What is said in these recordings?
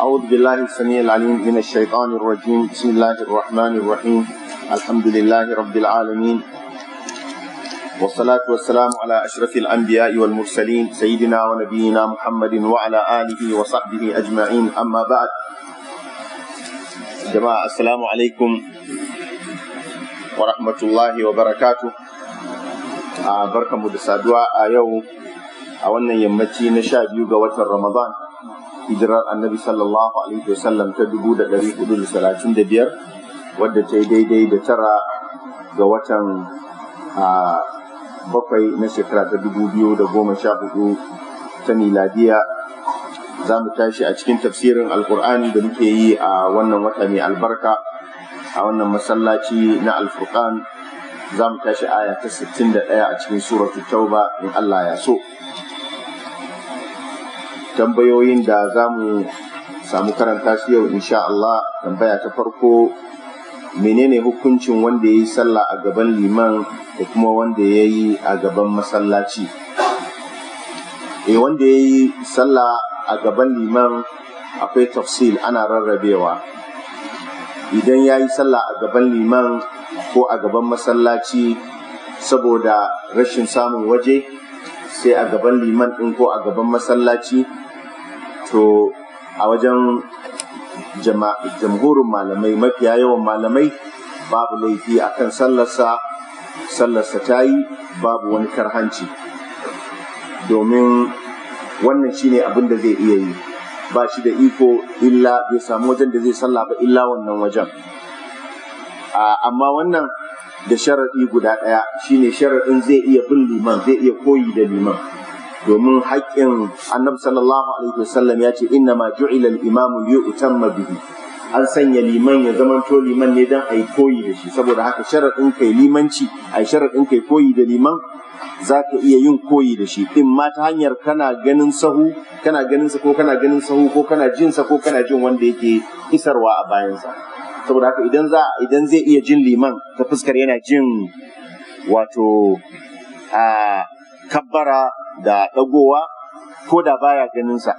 أعوذ بالله السميع العليم من الشيطان الرجيم بسم الله الرحمن الرحيم الحمد لله رب العالمين والصلاة والسلام على أشرف الأنبياء والمرسلين سيدنا ونبينا محمد وعلى آله وصحبه أجمعين أما بعد جماعة السلام عليكم ورحمة الله وبركاته بركة مدسادوا آيو أولا يمتي نشاد يوغا وتر رمضان hijirar annabi sallallahu alaihi wasallam ta dubu da ɗari hudu da talatin da biyar wadda ta yi daidai da tara ga watan bakwai na shekara ta dubu biyu da goma sha hudu ta miladiya za mu tashi a cikin tafsirin alkur'ani da muke yi a wannan wata mai albarka a wannan masallaci na alfurkan za mu tashi aya ta 61 a cikin suratul tauba in Allah ya so tambayoyin da za mu samu karanta su yau insha Allah tambaya ta farko menene hukuncin wanda ya yi sallah a gaban liman da kuma wanda ya yi a gaban masallaci e wanda ya yi sallah a gaban liman akwai tafsil ana rarrabewa idan ya yi sallah a gaban liman ko a gaban masallaci saboda rashin samun waje sai a gaban liman ɗin ko a gaban masallaci to a wajen jamhurin malamai mafiya yawan malamai babu laifi a kan sallarsa sallarsa ta yi babu wani karhanci domin wannan shine abin da zai iya yi ba shi da iko illa bai samu wajen da zai salla ba illa wannan wajen amma wannan da sharaɗi guda ɗaya shine sharaɗin zai iya bin liman zai iya koyi da liman domin haƙƙin annab sallallahu alaihi wasallam ya ce inna ma ju'ila al-imamu liyutamma bihi an sanya liman ya zamanto liman ne dan ai koyi da shi saboda haka sharadin kai limanci ai sharadin kai koyi da liman zaka iya yin koyi da shi din ma ta hanyar kana ganin sahu kana ganin sa ko kana ganin sahu ko kana jin sa ko kana jin wanda yake isarwa a bayan sa. saboda haka idan za idan zai iya jin liman ta fuskar yana jin wato a ah, kabbara da ɗagowa ko da baya sa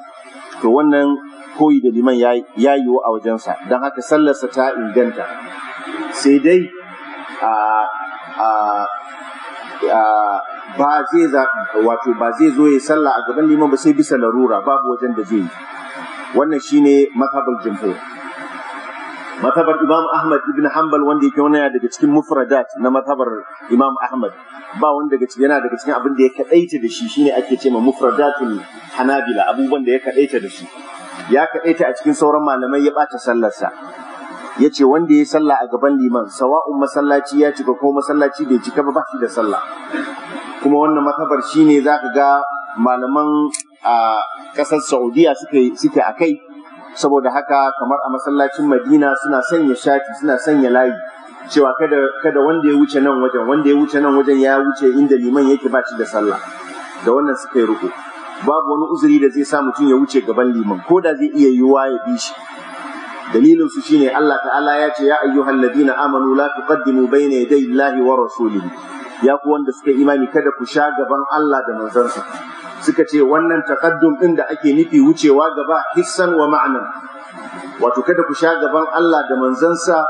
to wannan koyi da liman ya yiwu a wajensa don haka sallarsa ta inganta sai dai ba zai wato ba zai zo ya sallah a gaban liman ba sai bisa larura babu wajen da zai yi wannan shine makabar jumhur Matabar Imam Ahmad ibn Hanbal wanda yake wani daga cikin mufradat na matabar Imam Ahmad ba wanda daga cikin yana daga cikin abin da ya kadaita da shi shine ake cewa mufradatul Hanabila abubuwan da ya kadaita da shi ya kadaita a cikin sauran malamai ya bata sallarsa ya ce wanda ya sallah a gaban liman sawa'un masallaci ya cika ko masallaci bai cika ba ba shi da sallah kuma wannan matabar shine zaka ga malaman a ƙasar Saudiya suke a kai saboda haka kamar a masallacin madina suna sanya shati suna sanya layi cewa kada wanda ya wuce nan wajen wanda ya wuce nan wajen ya wuce inda liman yake ba shi da sallah da wannan suka yi ruku babu wani uzuri da zai sa mutum ya wuce gaban liman ko da zai iya yiwuwa ya bi shi dalilin su shine Allah ta'ala ya ce ya ayyuhal ladina amanu la tuqaddimu bayna yaday Allahi wa rasulihi ya ku wanda suka imani kada ku sha gaban Allah da manzansa suka ce wannan takaddum din da ake nufi wucewa gaba hissan wa ma'anan wato kada ku sha gaban Allah da manzansa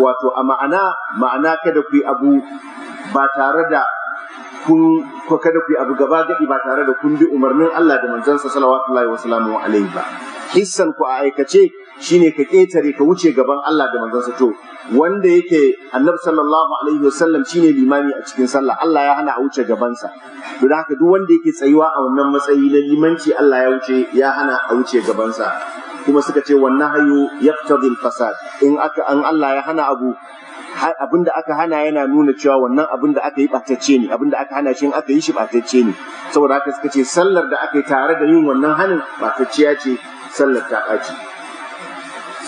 wato a ma'ana ma'ana kada ku yi abu ba tare da kun kada ku yi abu gaba gadi ba tare da kun bi umarnin Allah da manzansa salawatullahi wa salamu alaihi ba hissan ku a aikace shine ka ketare ka wuce gaban Allah da manzansa to wanda yake annabi sallallahu alaihi wasallam shine limami a cikin sallah Allah ya hana a wuce gabansa to da haka duk wanda yake tsayuwa a wannan matsayi na limanci Allah ya wuce ya hana a wuce gabansa kuma suka ce wannan hayo yaqtadi fasad in aka an Allah ya hana abu abin da aka hana yana nuna cewa wannan abin da aka yi ɓatacce ne abin da aka hana shi aka yi shi ɓatacce ne saboda haka suka ce sallar da aka yi tare da yin wannan hanin ɓatacciya ce sallar ta ɓaci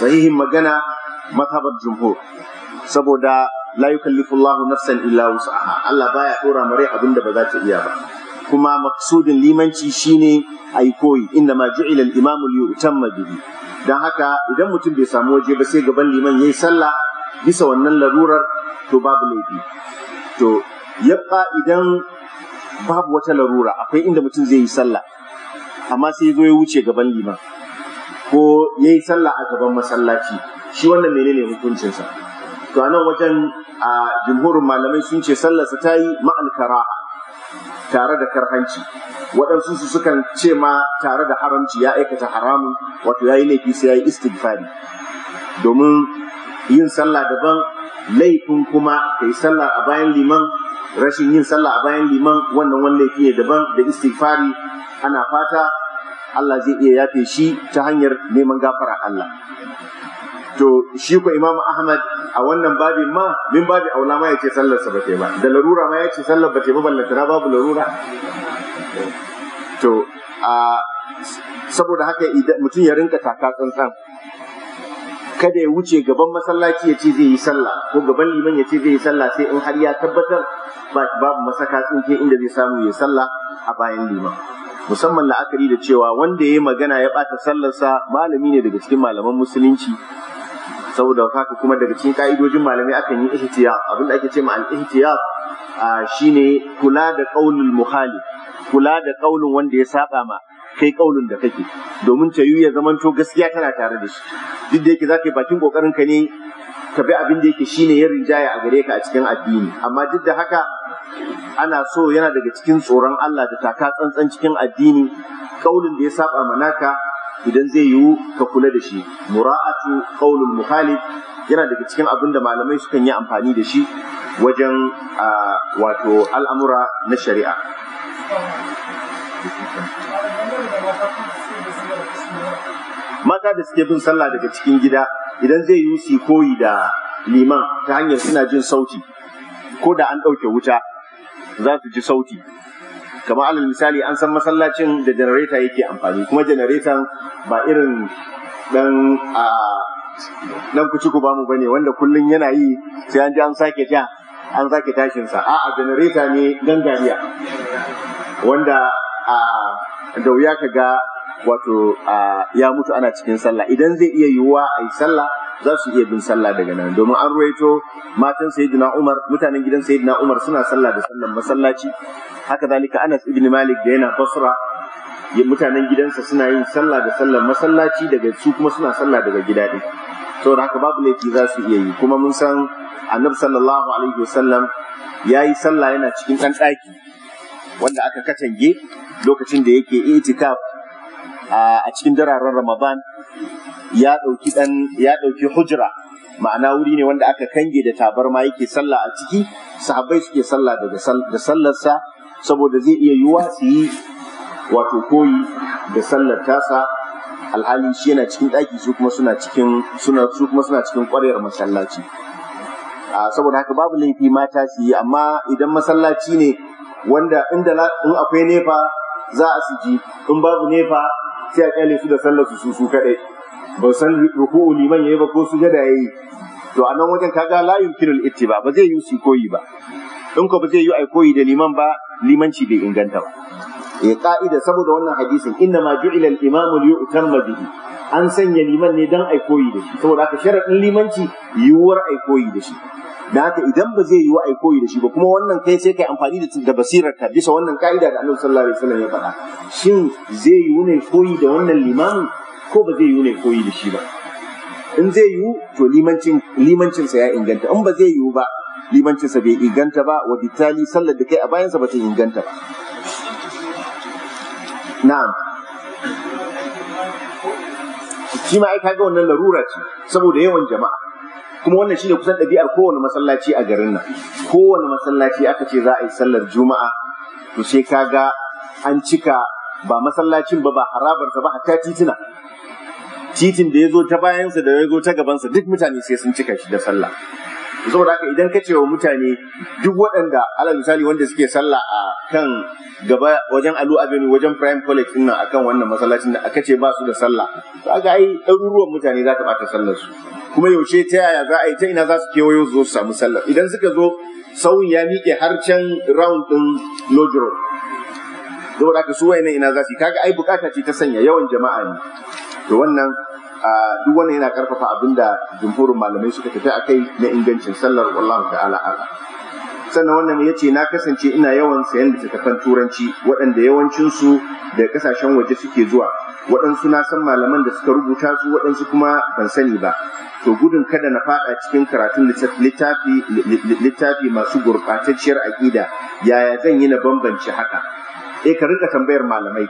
sahihin magana mazhabar jumhur saboda la yukallifu Allah nafsan illa wus'aha Allah baya dora mare abin da ba za ta iya ba kuma maksudin limanci shine ayi koyi inda ma ju'ila al-imamu li yutamma bihi dan haka idan mutum bai samu waje ba sai gaban liman yayi sallah bisa wannan larurar to babu laifi to yabba idan babu wata larura akwai inda mutum zai yi sallah amma sai zo ya wuce gaban liman ko ya yi sallah a gaban masallaci shi wannan menene hukuncinsa to a nan wajen a jumhurin malamai sun ce sallarsa ta yi ma'alkara tare da karhanci waɗansu su sukan ce ma tare da haramci ya aikata haramun wato ya yi laifi sai ya yi istighfari domin yin sallah daban laifin kuma kai sallah a bayan liman rashin yin sallah a bayan liman wannan wani laifi ne daban da istighfari ana fata Allah zai iya yafe shi ta hanyar neman gafara Allah to shi ko Imam Ahmad a wannan babin ma min babi aula ma yace sallar sa bata ba da larura ma yace sallar bata ba ballantana babu larura to a saboda haka idan mutum ya rinka taka tsantsan kada ya wuce gaban masallaci ya ce zai yi sallah ko gaban liman ya ce zai yi sallah sai in har ya tabbatar babu masaka tsinke inda zai samu ya sallah a bayan liman musamman la'akari da cewa wanda ya yi magana ya ɓata sallarsa malami ne daga cikin malaman musulunci saboda haka kuma daga cikin ka'idojin malami akan yi ihtiya abin da ake ce ma al ihtiya shine kula da qaulul muhalif kula da qaulun wanda ya saba ma kai kaulin da kake domin ta ya zamanto gaskiya tana tare da shi duk da yake zaka yi bakin kokarin ka ne ka bi abin da yake shine ya rinjaya a gare ka a cikin addini amma duk da haka ana so yana daga cikin tsoron Allah da taka tsantsan cikin addini kaulin da ya saba manaka idan zai yiwu ka kula da shi mura'atu qaulul muhalif yana daga cikin abin da malamai sukan yi amfani da shi wajen ah, wato al'amura na shari'a mata da suke bin sallah daga cikin gida idan zai yi wusi koyi da liman ta hanyar suna jin sauti ko da an ɗauke wuta za su ji sauti kamar alal misali an san masallacin da janareta yake amfani kuma janaretan ba irin dan a nan kuci ku bamu bane wanda kullun yana yi sai an ji an sake ja an sake tashin sa a'a janareta ne gangariya wanda a da wuya ka ga wato ya mutu ana cikin sallah idan zai iya yiwuwa a yi sallah za su iya bin sallah daga nan domin an ruwaito matan sayyidina Umar mutanen gidan sayyidina Umar suna sallah da sallan masallaci haka zalika Anas ibn Malik da yana Basra mutanen gidansa suna yin sallah da sallan masallaci daga su kuma suna sallah daga gida ɗin saboda haka babu laifi za su iya yi kuma mun san annabi sallallahu alaihi wasallam ya yi sallah yana cikin ɗan ɗaki wanda aka katange lokacin da yake itikaf a cikin dararen Ramadan ya ɗauki ɗan ya ɗauki hujra ma'ana wuri ne wanda aka kange da tabarma yake sallah a ciki sahabbai suke sallah da sallarsa saboda zai iya yiwuwa su yi wato koyi da sallar tasa alhali shi yana cikin ɗaki su kuma suna cikin suna su kuma suna cikin ƙwarewar masallaci saboda haka babu laifi mata su yi amma idan masallaci ne wanda inda in akwai nefa za a su ji in babu nefa sai a kyale su da sallar su su kadai ba san ruku'u liman yayi ba ko su da yayi to a nan wajen kaga la yumkinul ittiba ba zai yi su koyi ba in ko ba zai yi ai koyi da liman ba limanci bai inganta ba ya eh, ka'ida saboda wannan hadisin inna ma ju'ila al-imam yu'tamma bihi an sanya liman ne dan ai koyi da shi saboda haka sharadin limanci yiwuwar ai koyi da shi da haka idan ba zai yi wa koyi da shi ba kuma wannan kai sai kai amfani da da basirar ka bisa wannan ka'ida da Annabi sallallahu alaihi wasallam ya faɗa shin zai yi ne koyi da wannan liman ko ba zai yi ne koyi da shi ba in zai yi to limancin limancin sa ya inganta in ba zai yi ba limancin sa bai inganta ba wa bitali sallar da kai a bayan sa ba ta inganta ba na'am shi ma ai kaga wannan larura ce saboda yawan jama'a kuma wannan shine kusan ɗabi'ar kowane masallaci a garin nan kowane masallaci aka ce za a yi sallar juma'a to sai ga an cika ba masallacin ba ba harabarsa ba hatta titina titin da ya zo ta bayansa da ya zo ta gabansa duk mutane sai sun cika shi da sallah saboda haka idan ka cewa mutane duk waɗanda alal misali wanda suke sallah a kan gaba wajen alu abinu wajen prime college ina a akan wannan masallacin da aka ce ba su da sallah to aka ai ɗaruruwan mutane za ta ɓata sallar su kuma yaushe ta yaya za a yi ta ina za su kewayo su zo su samu sallar idan suka zo sauyin ya miƙe har can round ɗin lojiro saboda haka su wayannan ina za su yi kaga ai bukata ce ta sanya yawan jama'a ne to wannan duk wannan yana karfafa da jumhurin malamai suka tafi a kai na ingancin sallar wallahu ta'ala ala sannan wannan ya ce na kasance ina yawan sayan littattafan turanci waɗanda yawancinsu da kasashen waje suke zuwa waɗansu na san malaman da suka rubuta su waɗansu kuma ban sani ba to gudun kada na faɗa cikin karatun littafi masu gurɓatacciyar aƙida yaya zan yi na bambance haka eh ka rinka tambayar malamai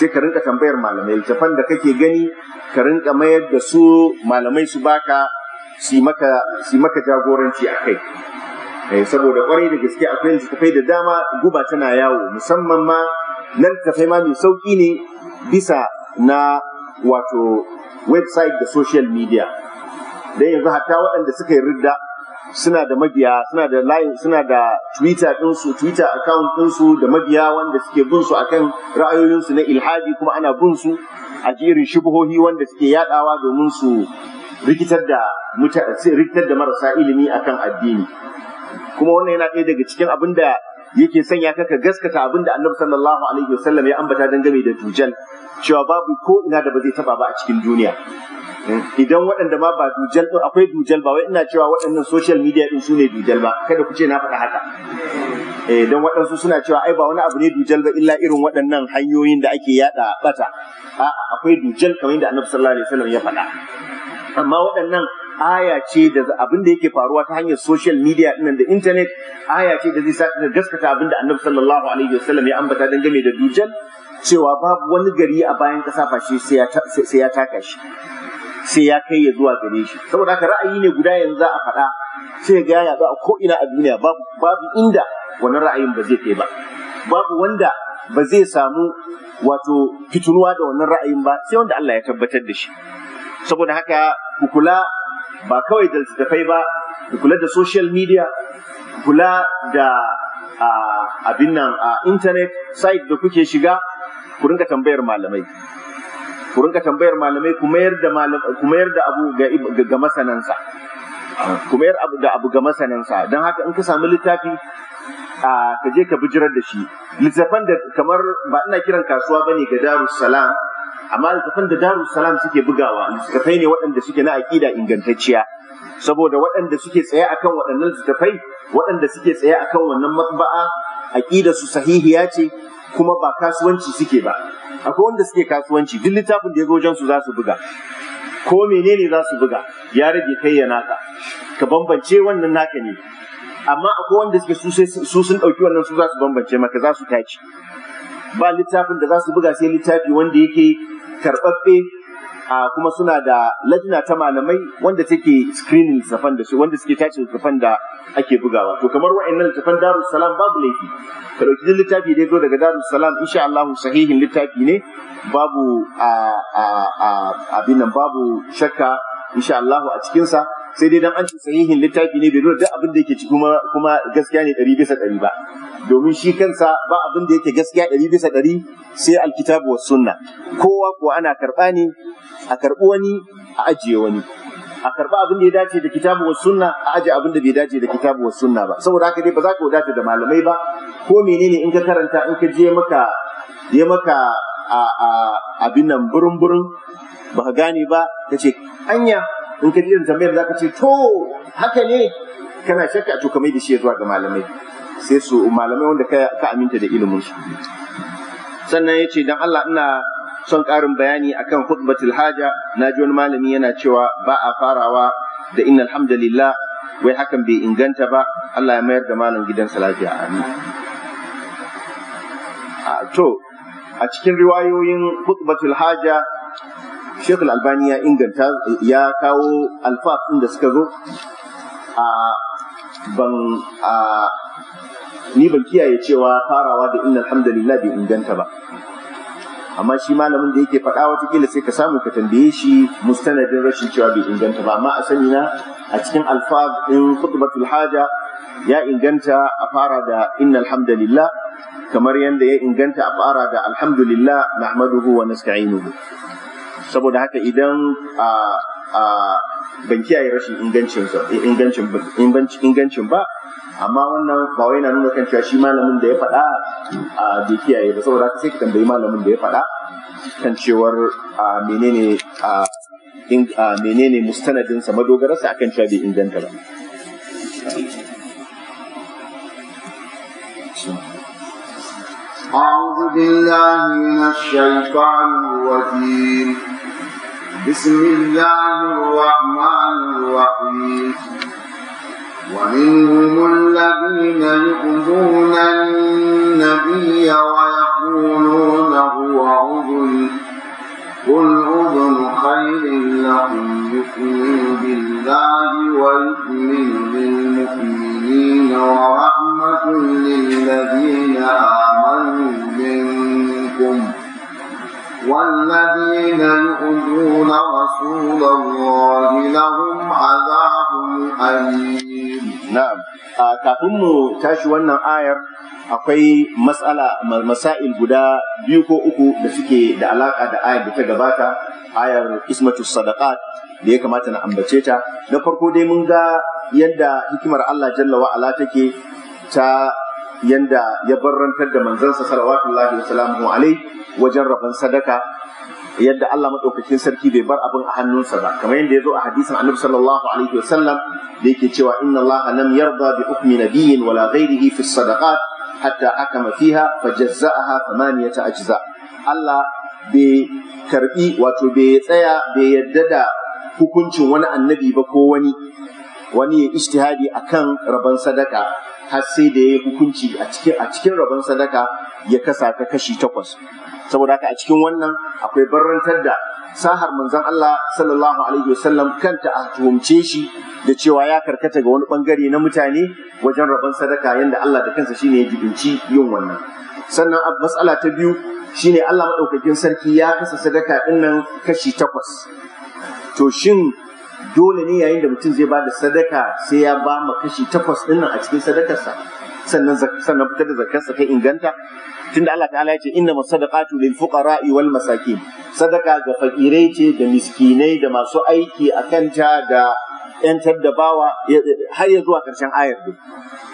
sai ka rinka tambayar malamai littafan da kake gani ka rinka mayar da su malamai su baka su maka jagoranci a kai eh saboda kwarai da gaske akwai littattafai da dama guba tana yawo musamman ma nan littattafai ma mai sauƙi ne bisa na wato website da social media dan yanzu hatta waɗanda suka yi ridda suna da mabiya suna da line suna da twitter ɗinsu twitter account ɗinsu da mabiya wanda suke bin su akan ra'ayoyinsu na ilhadi kuma ana bin su a irin shubuhohi wanda suke yadawa domin su rikitar da rikitar da marasa ilimi akan addini kuma wannan yana ɗaya daga cikin abin da yake sanya ka ka gaskata abin da annabi sallallahu alaihi wasallam ya ambata dangane da dujal cewa babu ko ina da ba zai taba ba a cikin duniya idan waɗanda ma ba dujal din akwai dujal ba wai ina cewa waɗannan social media din sune dujal ba kada ku ce na faɗa haka eh don waɗansu suna cewa ai ba wani abu ne dujal ba illa irin waɗannan hanyoyin da ake yada bata a'a akwai dujal kamar yadda annabi sallallahu alaihi wasallam ya faɗa amma waɗannan aya ce da abin da yake faruwa ta hanyar social media ɗin da internet aya ce da zai gaskata abin da annabi sallallahu alaihi wasallam ya ambata dan game da dujal cewa babu wani gari a bayan kasa face sai ya taka shi sai ya kai ya zuwa gare shi saboda haka ra'ayi ne guda yanzu za a faɗa sai ga ya ga ko ina a duniya babu babu inda wannan ra'ayin ba zai kai ba babu wanda ba zai samu wato fitunuwa da wannan ra'ayin ba sai wanda Allah ya tabbatar da shi saboda haka ku kula ba kawai da littafai ba ku kula da social media ku kula da abin nan a internet site da kuke shiga ku rinka tambayar malamai ku rinka tambayar malamai ku mayar da ku mayar da abu ga masanansa ku mayar abu da abu ga masanansa don haka in ka samu littafi a ka je ka bijirar da shi littafan da kamar ba ina kiran kasuwa bane ga Salam amma littafan da Salam suke bugawa littafai ne waɗanda suke na aƙida ingantacciya saboda waɗanda suke tsaye akan waɗannan littafai waɗanda suke tsaye akan wannan matba'a aƙida su sahihiya ce kuma ba kasuwanci suke ba akwai wanda suke kasuwanci duk littafin da ya zo wajen su za su buga ko menene za su buga ya rage kai ya naka ka bambance wannan naka ne amma akwai wanda suke su sun ɗauki wannan su za su bambance maka za su taci ba littafin da za su buga sai littafi wanda yake karɓaɓɓe a kuma suna da lajina ta malamai wanda take screening safan da su wanda suke tace safan da ake bugawa to kamar wa'annan littafan Darus Salam babu laifi ka dauki littafi da zo daga Darus Salam insha Allah sahihin littafi ne babu a a a abin nan babu shakka insha Allah a cikin sa sai dai dan an ci sahihin littafi ne bai nuna duk abin da yake ciki kuma kuma gaskiya ne ɗari bisa ɗari ba domin shi kansa ba abin da yake gaskiya ɗari bisa ɗari sai alkitabu wa sunna kowa ko ana karɓa ne a karɓi wani a ajiye wani a karɓa abin da ya dace da kitabu wa sunna a aje abin da bai dace da kitabu wa sunna ba saboda haka dai ba za ka wadata da malamai ba ko menene in ka karanta in ka je maka ya maka a abin nan burin-burin ba ka gane ba ka ce anya in ka irin tambayar za ka ce to haka ne kana shakka to kamar da shi zuwa ga malamai sai su malamai wanda ka aminta da ilimin su sannan ya ce dan Allah ina son karin bayani akan khutbatul haja na ji wani malami yana cewa ba a farawa da inna alhamdulillah wai hakan bai inganta ba Allah ya mayar da malam gidan lafiya amin to a cikin riwayoyin khutbatul haja Sheikh Al-Albani ya inganta ya kawo alfaf ɗin da suka zo a ban a ni ban kiyaye cewa farawa da inna alhamdulillah bai inganta ba amma shi malamin da yake faɗa kila sai ka samu ka tambaye shi mustanadin rashin cewa bai inganta ba amma a sani na a cikin alfaf din khutbatul haja ya inganta a fara da inna alhamdulillah kamar yadda ya inganta a fara da alhamdulillah nahmaduhu wa nasta'inuhu saboda haka idan a a ban kiyaye rashin ingancin ba amma wannan ba wai yana nuna kan cewa shi malamin da ya faɗa a bai kiyaye ba saboda haka sai ka tambayi malamin da ya faɗa kan cewar a menene a menene mustanadinsa madogararsa akan cewa bai inganta ba أعوذ بالله من الشيطان الرجيم بسم الله الرحمن الرحيم ومنهم الذين يؤذون النبي ويقولون هو أذن قل أذن خير لكم يؤمن بالله ويؤمن بالمؤمنين ورحمة للذين آمنوا منكم والذين يؤذون رسول الله لهم عذاب أليم نعم kafin mu tashi wannan ayar akwai matsala masail guda biyu ko uku da suke da alaka da ayar da ta gabata ayar ismatus sadaqat da ya kamata na ambace ta na farko dai mun ga yadda hikimar Allah jalla wa ala take ta yanda ya barrantar da manzansa salawatullahi wa salamu alai wajen rabon sadaka yadda Allah madaukakin sarki bai bar abin a hannunsa ba kamar yadda ya zo a hadisin annabi sallallahu alaihi wasallam da yake cewa inna Allah lam yarda bi hukmi nabiyyin wala ghairihi fi sadaqat hatta hakama fiha fajazza'aha thamaniyata ajza Allah bai karbi wato bai tsaya bai yadda da hukuncin wani annabi ba ko wani wani ya ishtihadi akan rabon sadaka har sai da ya yi hukunci a cikin rabon sadaka ya kasa ta kashi takwas saboda haka a cikin wannan akwai barrantar da sahar manzon Allah sallallahu alaihi wasallam kanta a tuhumce shi da cewa ya karkata ga wani bangare na mutane wajen rabon sadaka yanda Allah da kansa shine ya gidinci yin wannan sannan matsala ta biyu shine Allah madaukakin sarki ya kasa sadaka dinnan kashi takwas to shin dole ne yayin da mutum zai ba da sadaka sai ya ba ma kashi takwas ɗin a cikin sadakarsa sannan sannan fitar da zakarsa ta inganta tunda Allah ta'ala ya ce inna masadaqatu lil fuqara'i wal masakin sadaka ga fakirai ce da miskinai da masu aiki a kanta da yantar tadabawa har ya zuwa karshen ayar din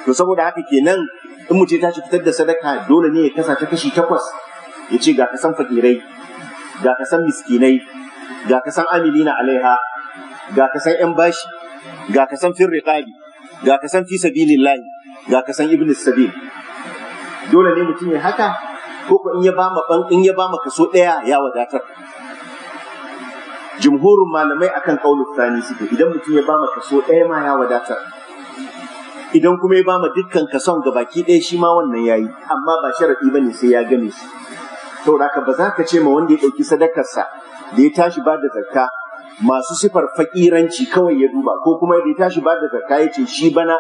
to saboda haka kenan in mutum tashi fitar da sadaka dole ne ya kasa ta kashi takwas ya ce ga kasan fakirai ga kasan miskinai ga kasan amilina alaiha ga ka san 'yan bashi ga ka san ƙari, ga ka san fi layi, ga ka san ibn sabil dole ne mutum ya haka ko ko in ya ba ban kaso ɗaya ya wadatar jumhurin malamai akan ƙaunar tsani suke idan mutum ya ba ma kaso ɗaya ma ya wadatar idan kuma ya ba ma dukkan kason ga baki ɗaya shi ma wannan ya yi, amma ba sharaɗi ba ne sai ya game shi saboda ba za ka ce ma wanda ya ɗauki sadakarsa da ya tashi ba da zakka masu sifar fakiranci kawai ya duba ko kuma da ya tashi ba daga kayan ya ce shi bana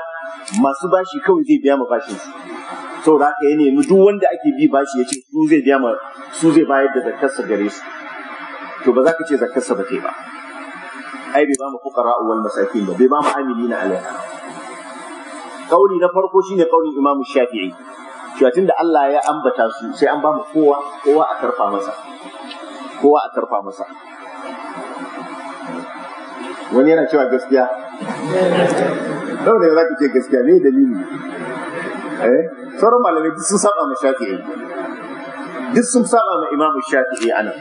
masu bashi kawai zai biya ma bashin su saboda haka ya nemi duk wanda ake bi bashi ya ce su zai biya ma su zai bayar da zakarsa gare su to ba za ka ce zakarsa ba ta ba ai bai ba mu fuqara wal masakin ba bai ba mu amilina alaiha kauli na farko shine kaulin imam shafi'i cewa tunda Allah ya ambata su sai an ba mu kowa kowa a karfa masa kowa a karfa masa wani yana cewa gaskiya saboda ne za ka ce gaskiya ne dalili eh sauran malamai duk sun saba ma shafi'i duk sun saba ma imamu shafi'i anan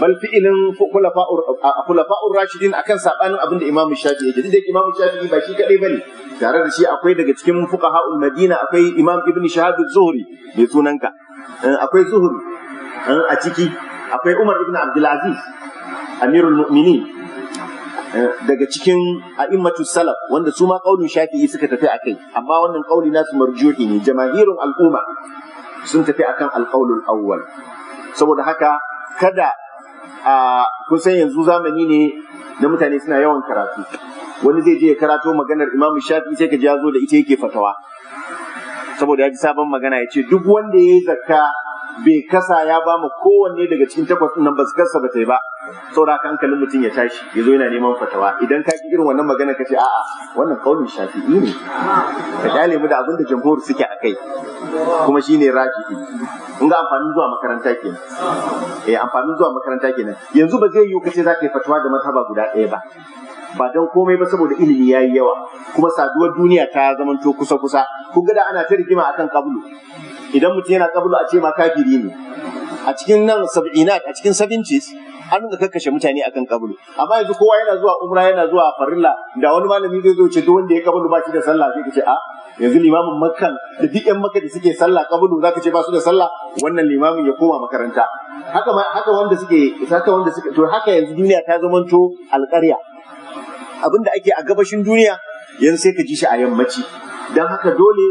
bal fi'ilin kulafa'ur rashidin akan sabanin abin da imamu shafi'i yake duk imamu shafi'i ba shi kadai bane tare da shi akwai daga cikin fuqaha'ul madina akwai imam ibn shahab az-zuhri mai sunanka eh, akwai zuhri eh, a ciki akwai umar ibn abdul aziz amirul mu'minin daga cikin a'immatu salaf wanda su ma kaulin shafi'i suka tafi a kai amma wannan kauli nasu marjuhi ne jamahirun al'umma sun tafi akan alqaulul awwal saboda haka kada a kusan yanzu zamani ne na mutane suna yawan karatu wani zai je ya karato maganar imamu shafi'i sai ka ji ya zo da ita yake fatawa saboda ya ji sabon magana ya ce duk wanda ya yi zakka bai kasa ya ba mu kowanne daga cikin takwas nan ba su kasa ba tai ba saboda haka hankalin mutum ya tashi ya zo yana neman fatawa idan ka ki irin wannan magana ka ce a'a wannan kaunin shafi'i ne ka dale mu da abin da jamhur suke a kai kuma shi ne rajihi in ga amfanin zuwa makaranta kenan eh amfanin zuwa makaranta kenan yanzu ba zai yiwu kace za ka yi fatawa da mataba guda ɗaya ba ba don komai ba saboda ilimi yayi yawa kuma saduwar duniya ta zamanto kusa kusa kun ga da ana ta rigima akan kablu idan mutum yana kablu a ce ma kafiri ne a cikin nan sab'inat a cikin 70s an nuna kakkashe mutane akan kablu amma yanzu kowa yana zuwa umra yana zuwa farilla da wani malami zai zo ce duk wanda ya kablu ba shi da sallah Zai ka ce a yanzu limamin makkan da duk yan makka da suke sallah kablu zaka ce ba su da sallah wannan limamin ya koma makaranta haka haka wanda suke haka wanda suke to haka yanzu duniya ta zamanto alƙarya abin da ake a gabashin duniya yanzu sai ka ji shi a yammaci don haka dole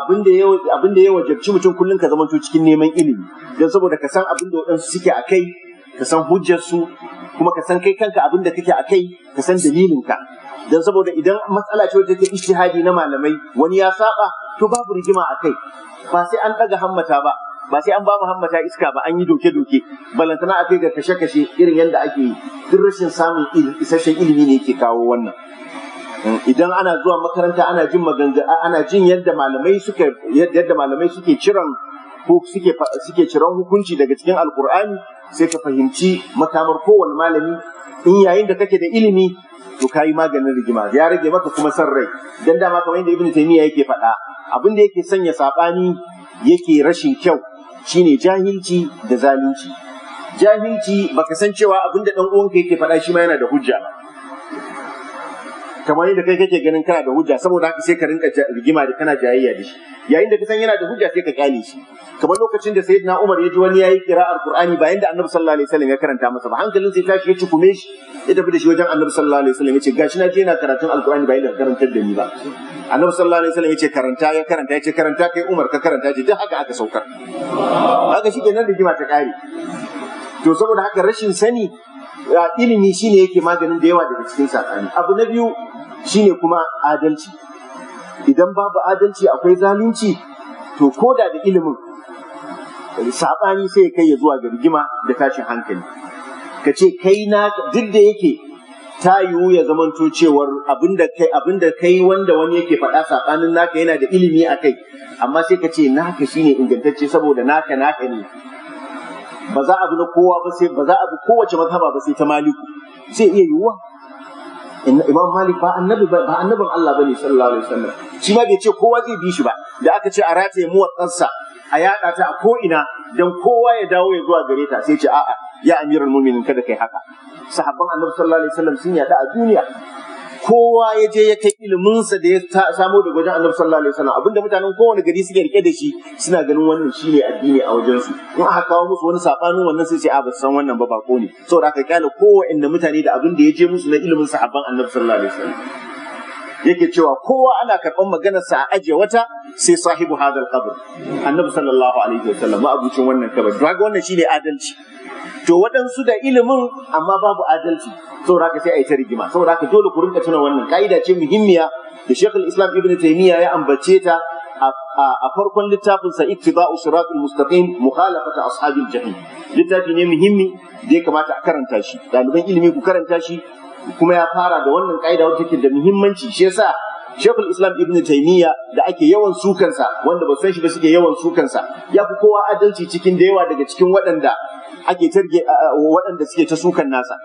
abin da ya wajabci mutum kullum ka zamanto cikin neman ilimi don saboda ka san abin da waɗansu suke a kai ka san hujjarsu kuma ka san kai kanka abin da kake a kai ka san dalilinka don saboda idan matsala ce wadda take ishtihadi na malamai wani ya saba to babu rigima a kai ba sai an ɗaga hammata ba ba sai an ba mu hammata iska ba an yi doke-doke balantana a kai ga kashe-kashe irin yadda ake yi duk rashin samun isasshen ilimi ne ke kawo wannan mm, idan ana zuwa makaranta ana jin maganga ana jin yadda malamai suke yadda malamai suke ciran ko suke suke ciran hukunci daga cikin alkur'ani sai ka fahimci makamar kowane malami in yayin da kake da ilimi to kayi maganin rigima ya rage maka kuma san rai dan dama kamar yadda ibnu taymiya yake faɗa abin da yake sanya sabani yake rashin kyau Shi ne jahilci da zalunci jahilci baka san cewa abin da dan yake faɗa shi ma yana da hujja ba kamar yadda kai kake ganin kana da hujja saboda haka sai ka rinka rigima da kana jayayya da shi yayin da ka san yana da hujja sai ka kyale shi kamar lokacin da sayyidina Umar ya ji wani yayi qira'ar Qur'ani ba yanda Annabi sallallahu alaihi wasallam ya karanta masa ba hankalin sai tashi ya kume shi ya tafi da shi wajen Annabi sallallahu alaihi wasallam ya ce gashi na je yana karatun alqur'ani bayan ba yanda karantar da ni ba Annabi sallallahu alaihi wasallam ya ce karanta ya karanta ya ce karanta kai Umar ka karanta ji duk haka aka saukar haka shi kenan rigima ta kare to saboda haka rashin sani ilimi shine yake maganin da yawa daga cikin sakani abu na biyu Shi ne kuma adalci idan babu adalci akwai zalunci to koda da ilimin saɓani sai kai ya zuwa ga rigima da tashin hankali ka ce kai na duk da yake ta yiwu ya zamanto cewar abinda kai kai wanda wani yake faɗa saɓanin naka yana da ilimi a kai amma sai ka ce naka shine ingantacce saboda naka naka ne ba za a bi ba za a kowace mazhaba ba sai ta maliku sai iya yiwuwa imam malik ba annabi ba annabin Allah bane sallallahu alaihi wasallam shi ma bai ce kowa zai bi shi ba da aka ce a rataye muwatsansa a yada ta a ko ina dan kowa ya dawo ya zuwa gare ta sai ce a'a ya amirul mu'minin kada kai haka sahabban annabi sallallahu alaihi wasallam sun yada a duniya kowa ya je ya kai iliminsa da ya samo da gwajin annabi sallallahu alaihi wasallam abinda mutanen kowane gari suke rike da shi suna ganin wannan shine addini a wajen su in aka kawo musu wani sabanin wannan sai ce a ah, ba san wannan ba bako ne saboda aka kyale inda mutane da abinda da ya je musu na ilimin sahabban annabi sallallahu alaihi wasallam yake cewa kowa ana karɓar maganarsa a ajiye wata sai sahibu hadal qabr annabi sallallahu alaihi wasallam ma abucin wannan kabar to wannan shine adalci to waɗansu da ilimin amma babu adalci saboda haka sai a yi ta rigima saboda haka dole ku rinka tuna wannan ka'ida ce muhimmiya da shekul Islam Ibn taimiyya ya ambace ta a farkon littafin sa ittiba'u siratul mustaqim mukhalafata ashabil jahim littafi ne muhimmi da ya kamata a karanta shi ɗaliban ilimi ku karanta shi kuma ya fara da wannan ka'ida wacce take da muhimmanci shi yasa Shekul Islam Ibn Taimiyya da ake yawan sukansa wanda ba san shi ba suke yawan sukansa ya fi kowa adalci cikin da yawa daga cikin waɗanda ake targe waɗanda suke ta sukan nasa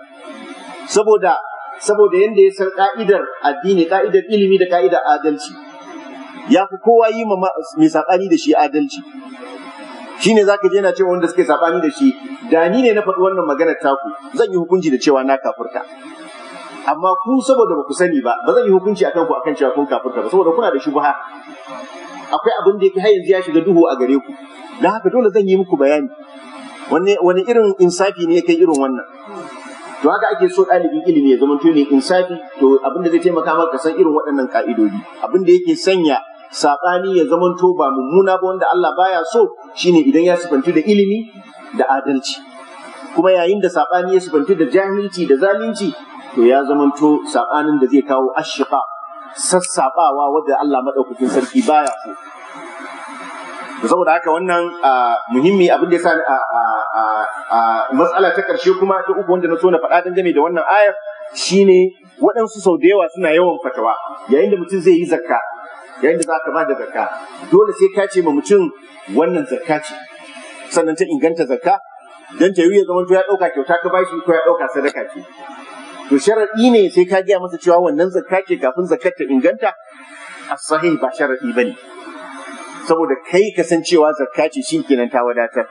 saboda saboda yanda ya san ka'idar addini ka'idar ilimi da ka'idar adalci ya fi kowa yi ma mai saɓani da shi adalci Shi za ka je yana cewa wanda suke saɓani da shi da ni ne na faɗi wannan maganar taku zan yi hukunci da cewa na kafurta amma ku saboda ba ku sani ba ba zan yi hukunci akan ku akan cewa kun ba saboda kuna da shubha akwai abin da yake har yanzu ya shiga duhu a gare ku dan haka dole zan yi muku bayani wani irin insafi ne kai irin wannan to haka ake so ɗalibin ilimi ya zama mai insafi to abinda zai taimaka maka san irin waɗannan ka'idodi abinda yake sanya saɓani ya zamanto ba mummuna ba wanda Allah baya so shine idan ya sifantu da ilimi da adalci kuma yayin da saɓani ya sifantu da jahilci da zalunci to ya zamanto saɓanin da zai kawo ashiqa sassaɓawa wadda Allah madaukakin sarki baya so saboda haka wannan muhimmi abin da ya sa matsala ta karshe kuma ta uku wanda na so na faɗa dangane da wannan ayar shine waɗansu sau da yawa suna yawan fatawa yayin da mutum zai yi zakka yayin da za ka ba da zakka dole sai ka ce ma mutum wannan zakka ce sannan ta inganta zakka dan ta yi ya zama ya ɗauka kyauta ka bashi ko ya ɗauka sadaka ce to sharaɗi ne sai ka gaya masa cewa wannan zakka ce kafin zakkar ta inganta as-sahih ba sharaɗi bane saboda kai kasancewa zakka ce shi kenan ta wadatar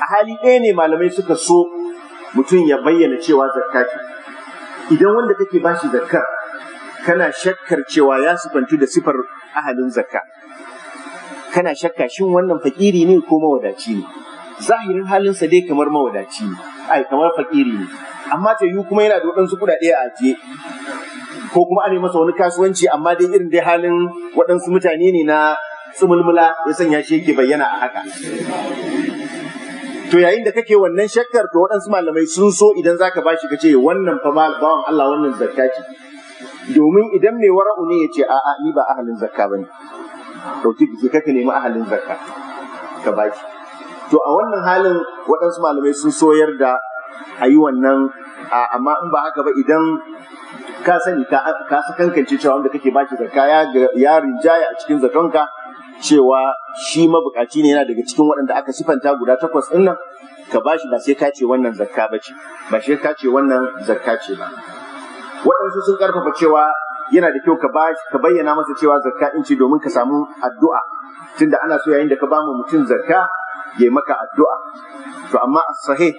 a hali ɗaya ne malamai suka so mutum ya bayyana cewa zakka ce idan wanda kake bashi zakkar kana shakkar cewa ya sifantu da sifar ahalin zakka kana shakka shin wannan fakiri ne ko mawadaci ne zahirin halinsa dai kamar mawadaci ne ai kamar fakiri ne amma ta yiwu kuma yana da waɗansu kuɗaɗe a ajiye ko kuma ana masa wani kasuwanci amma dai irin dai halin waɗansu mutane ne na mulmula ya sanya shi yake bayyana a haka to yayin da kake wannan shakkar to waɗansu malamai sun so idan za shi bashi ce wannan fa bawan Allah wannan zakka ce domin idan mai wara'u ne ya ce a'a ni ba ahalin zakka ne. dauki ki kake nemi ahalin zakka ka shi. to a wannan halin waɗansu malamai sun soyar da a yi wannan amma in ba haka ba idan ka sani ka kankance cewa wanda kake bashi zakka ya rinjaya a cikin zatonka cewa shi mabukaci ne yana daga cikin waɗanda aka sifanta guda takwas ɗin nan ka bashi ba sai ka ce wannan zakka ba ce ba sai ka ce wannan zakka ce ba waɗansu sun ƙarfafa cewa yana da kyau ka bayyana masa cewa zakka in ce domin ka samu addu'a tunda ana so yayin da ka ba bamu mutum zakka ya maka addu'a to amma sahih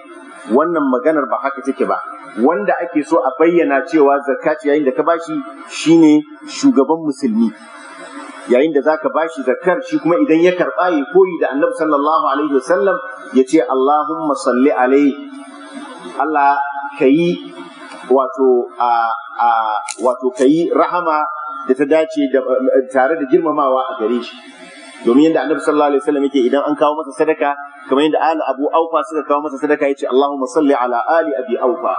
wannan maganar ba haka take ba wanda ake so a bayyana cewa zakka ce yayin da ka bashi shine shugaban musulmi yayin da zaka bashi zakar shi kuma idan ya karba ya koyi da annabi sallallahu alaihi wasallam ya ce Allahumma salli alai Allah kayi wato a wato kayi rahama da ta dace tare da girmamawa a gare shi domin yadda annabi sallallahu alaihi wasallam yake idan an kawo masa sadaka kamar yadda ali abu aufa suka kawo masa sadaka yace Allahumma salli ala ali abi aufa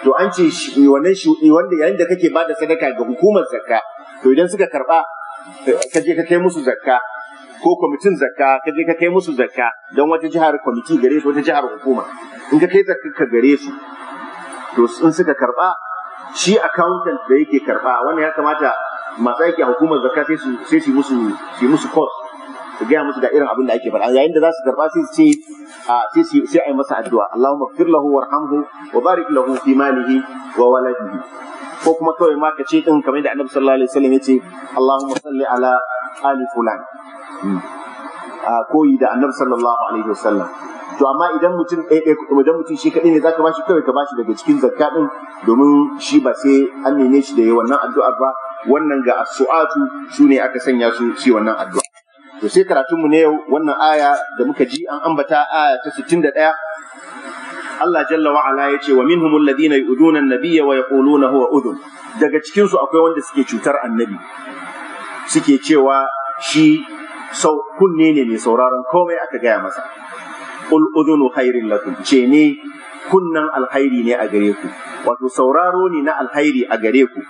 to an ce wannan shuɗi wanda yayin da kake bada sadaka ga hukumar zakka to idan suka karba ka je ka kai musu zakka ko kwamitin zakka ka je ka kai musu zakka don wata jihar kwamiti gare su wata jihar hukuma in ka kai zakka ka gare su to in suka karba shi accountant da yake karba wannan ya kamata masu aiki a hukumar zakka sai su sai su musu su musu su gaya musu ga irin abin da ake faɗa yayin da za su karba sai su ce sai a yi masa addu'a Allahumma fir lahu warhamhu wa barik lahu fi malihi wa waladihi ko kuma kawai ma ka ce din kamar da annabi sallallahu alaihi wasallam yace Allahumma salli ala ali fulan hmm. a koyi da annabi sallallahu alaihi wasallam to amma idan mutum eh, eh, idan mutum shi kadai ne zaka bashi kawai ka bashi daga cikin zakka din domin shi ba sai an nene shi da wannan addu'ar ba wannan ga as-su'atu sune aka sanya su shi wannan addu'a to sai karatun mu ne yau wannan aya da muka ji an ambata aya ta 61 Allah jalla wa ala yace wa minhum alladhina yu'duna an-nabiyya wa yaquluna huwa udhun daga cikin su akwai wanda suke cutar annabi suke cewa shi sau kunne ne mai sauraron komai aka gaya masa qul udhunu khairin lakum ce ne kunnan alkhairi ne a gare ku wato sauraro ne na alkhairi a gare ku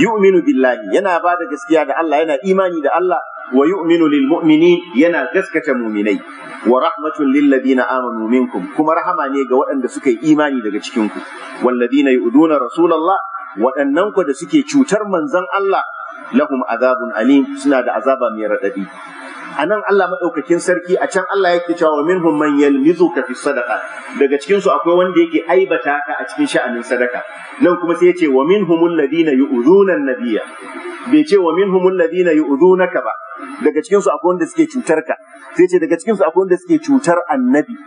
yu'minu billahi yana bada gaskiya da Allah yana imani da Allah wa yu'minu lil mu'minin yana gaskata mu'minai wa rahmatun lil ladina amanu minkum kuma rahama ne ga waɗanda suka yi imani daga cikin ku wal ladina yu'duna rasulullah waɗannan ku da suke cutar manzon Allah lahum azabun alim suna da azaba mai raɗaɗi. a nan Allah maɗaukakin sarki a can Allah ya yake cewa wa minhum man yalmizuka fi sadaqa daga cikinsu akwai wanda yake aibata ka a cikin sha'anin sadaka nan kuma sai ya ce wa min minhumul ladina yu'zuna nabiyya bai ce wa min minhumul ladina yu'zunaka ba daga cikinsu akwai wanda suke cutar ka sai ce daga cikinsu akwai wanda suke cutar annabi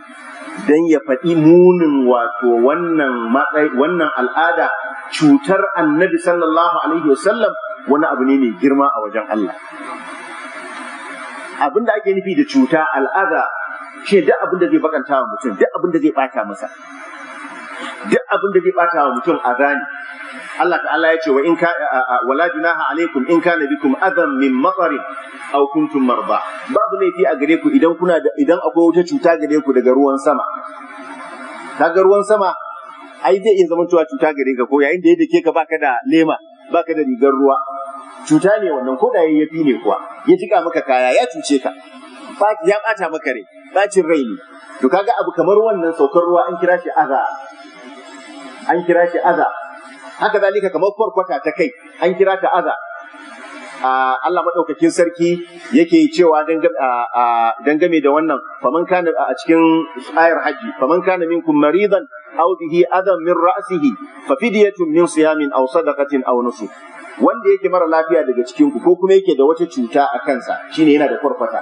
dan ya faɗi munin wato wannan matsayi, wannan al'ada cutar annabi sallallahu alaihi wasallam wani abu ne mai girma a wajen Allah abin da ake nufi da cuta al'ada, shi duk abin da zai bakanta wa mutum duk abin da zai bata masa duk abin da zai bata wa mutum azani Allah ta'ala ya ce wa in ka wala junaha alaikum in kana bikum adam min matarin aw kuntum marba. babu laifi a gare ku idan kuna idan akwai wata cuta gare ku daga ruwan sama kaga ruwan sama ai zai iya zama cuta gare ka ko yayin da ya dake ka baka da lema Ba ka da rigar ruwa cuta ne wannan ko da yayyafi ne kuwa ya jika maka kaya ya cuce ka ya bata maka rai bacin rai ne to kaga abu kamar wannan saukar ruwa an kira shi aza an kira shi aza haka zalika kamar kwarkwata ta kai an kira ta aza Allah maɗaukakin sarki yake cewa dangame da wannan faman kana a cikin ayar hajji faman kana minkum maridan aw bihi adam min ra'sihi fa fidyatun min siyamin aw sadaqatin aw nusuk wanda yake mara lafiya daga cikin ku ko kuma yake da wata cuta a kansa shine yana da kwarkwata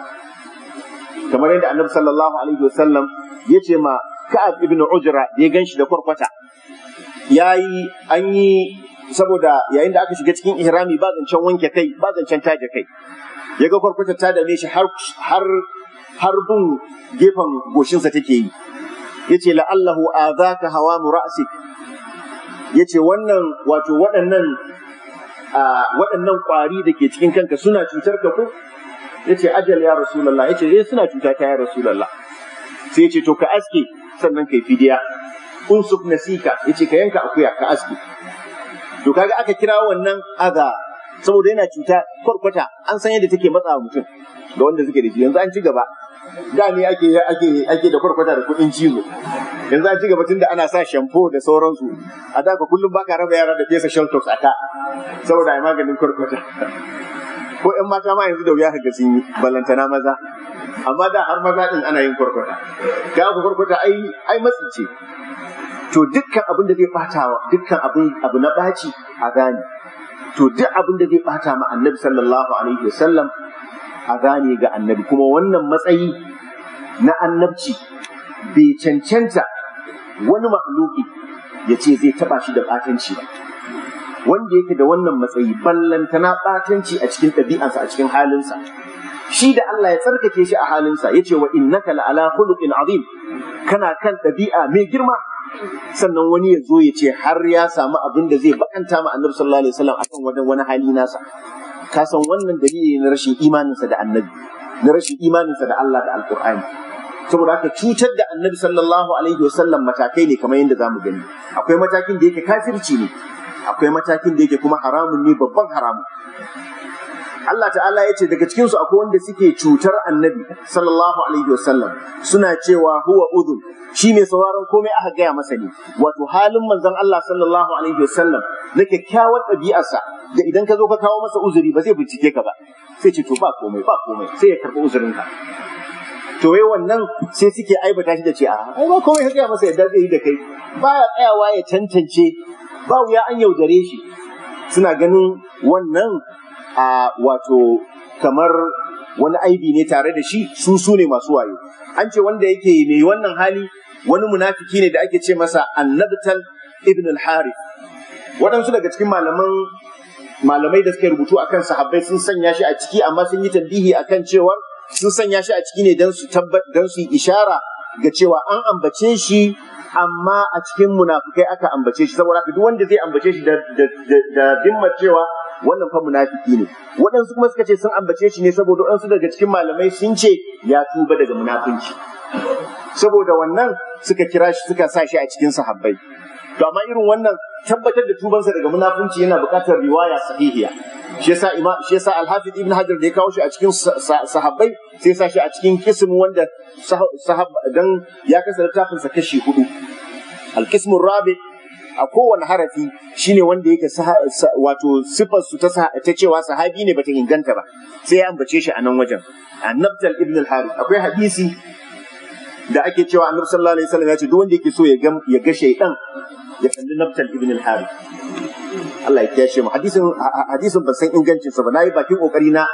kamar yadda annabi sallallahu alaihi wasallam ya ce ma ka'ab ibn ujra da ya ganshi da kwarkwata yayi an yi saboda yayin da aka shiga cikin ihrami ba zancen wanke kai ba zancen taje kai ya ga kwarkwata ta dame shi har har har bin gefen goshinsa take yi yace la'allahu azaka hawa ra'si yace wannan wato waɗannan waɗannan ƙwari da ke cikin kanka suna cutar ka ko yace ajal ya rasulullah yace eh suna cuta ta ya rasulullah sai yace to ka aske sannan kai fidiya unsuk nasika yace ka yanka akuya ka aske to kaga aka kira wannan aza saboda yana cuta kwarkwata an san yadda take matsawa mutum ga wanda suke da shi yanzu an ci gaba da ne ake ake ake da kwarkwata da kudin cizo yanzu an ci gaba tunda ana sa shampo da sauransu a da kullum baka raba yara da fesa shelter a ta saboda ai maganin kwarkwata ko ƴan mata ma yanzu da wuya ka sun yi ballantana maza amma da har maza din ana yin kwarkwata ga ku kwarkwata ai ai matsi ce to dukkan abin da zai wa dukkan abu na baci a gane to duk abin da zai bata ma annabi sallallahu alaihi wasallam a gane ga annabi kuma wannan matsayi na annabci bai cancanta wani makhluki ya ce zai taba shi da batanci ba wanda yake da wannan matsayi ballantana batanci a cikin ɗabi'ansa a cikin halinsa shi da Allah ya tsarkake shi a halinsa ya ce wa innaka la'ala khuluqin azim kana kan ɗabi'a mai girma sannan wani ya zo ya ce har ya samu abin da zai bakanta ma annabi sallallahu alaihi wasallam akan wani wani hali nasa ka san wannan dalili na rashin imaninsa da annabi na rashin imaninsa da Allah da alqur'ani saboda haka cutar da annabi sallallahu alaihi wasallam matakai ne kamar yadda zamu gani akwai matakin da yake kafirci ne akwai matakin da yake kuma haramun ne babban haramun Allah ta'ala ya ce daga cikinsu akwai wanda suke cutar annabi sallallahu alaihi wasallam suna cewa huwa udun shi mai sauraron komai aka gaya masa ne wato halin manzon Allah sallallahu alaihi wasallam na kyakkyawar ɗabi'arsa da idan ka zo ka kawo masa uzuri ba zai bincike ka ba sai ce to ba komai ba komai sai ya karɓi ka. to wai wannan sai suke aibata shi da ce a ai ba komai ka gaya masa yadda zai yi da kai ba ya tsayawa ya tantance ba wuya an yaudare shi suna ganin wannan a wato kamar wani aibi ne tare da shi su su ne masu wayo an ce wanda yake mai wannan hali wani munafiki ne da ake ce masa annabtal ibn al-harith waɗansu daga cikin malaman malamai da suka rubutu akan sahabbai sun sanya shi a ciki amma sun yi tambihi akan cewa sun sanya shi a ciki ne don su don su ishara ga cewa an ambace shi amma a cikin munafukai aka ambace shi saboda haka duk wanda zai ambace shi da dimma cewa wannan fa munafiki ne waɗansu kuma suka ce sun ambace shi ne saboda waɗansu daga cikin malamai sun ce ya tuba daga munafinci saboda wannan suka kira shi suka sa shi a cikin sahabbai to amma irin wannan tabbatar da tubansa daga munafunci yana buƙatar riwaya sahihiya shi yasa ima shi yasa al-hafiz ibn hajar da ya kawo shi a cikin sahabbai sai sa shi a cikin kism wanda dan ya kasa littafin sa kashi hudu al-kismur rabi' a kowane harafi shine wanda yake wato sifar su ta ta cewa sahabi ne bata inganta ba sai ya ambace shi a nan wajen annabtal ibn al-harith akwai hadisi da ake cewa annabi sallallahu alaihi wasallam ya ce duk wanda yake so ya ga ya ga shaydan ya kalli nabtal ibn al-harith Allah ya kiyashe mu hadisin hadisin ban san ingancin sa ba nayi bakin kokari na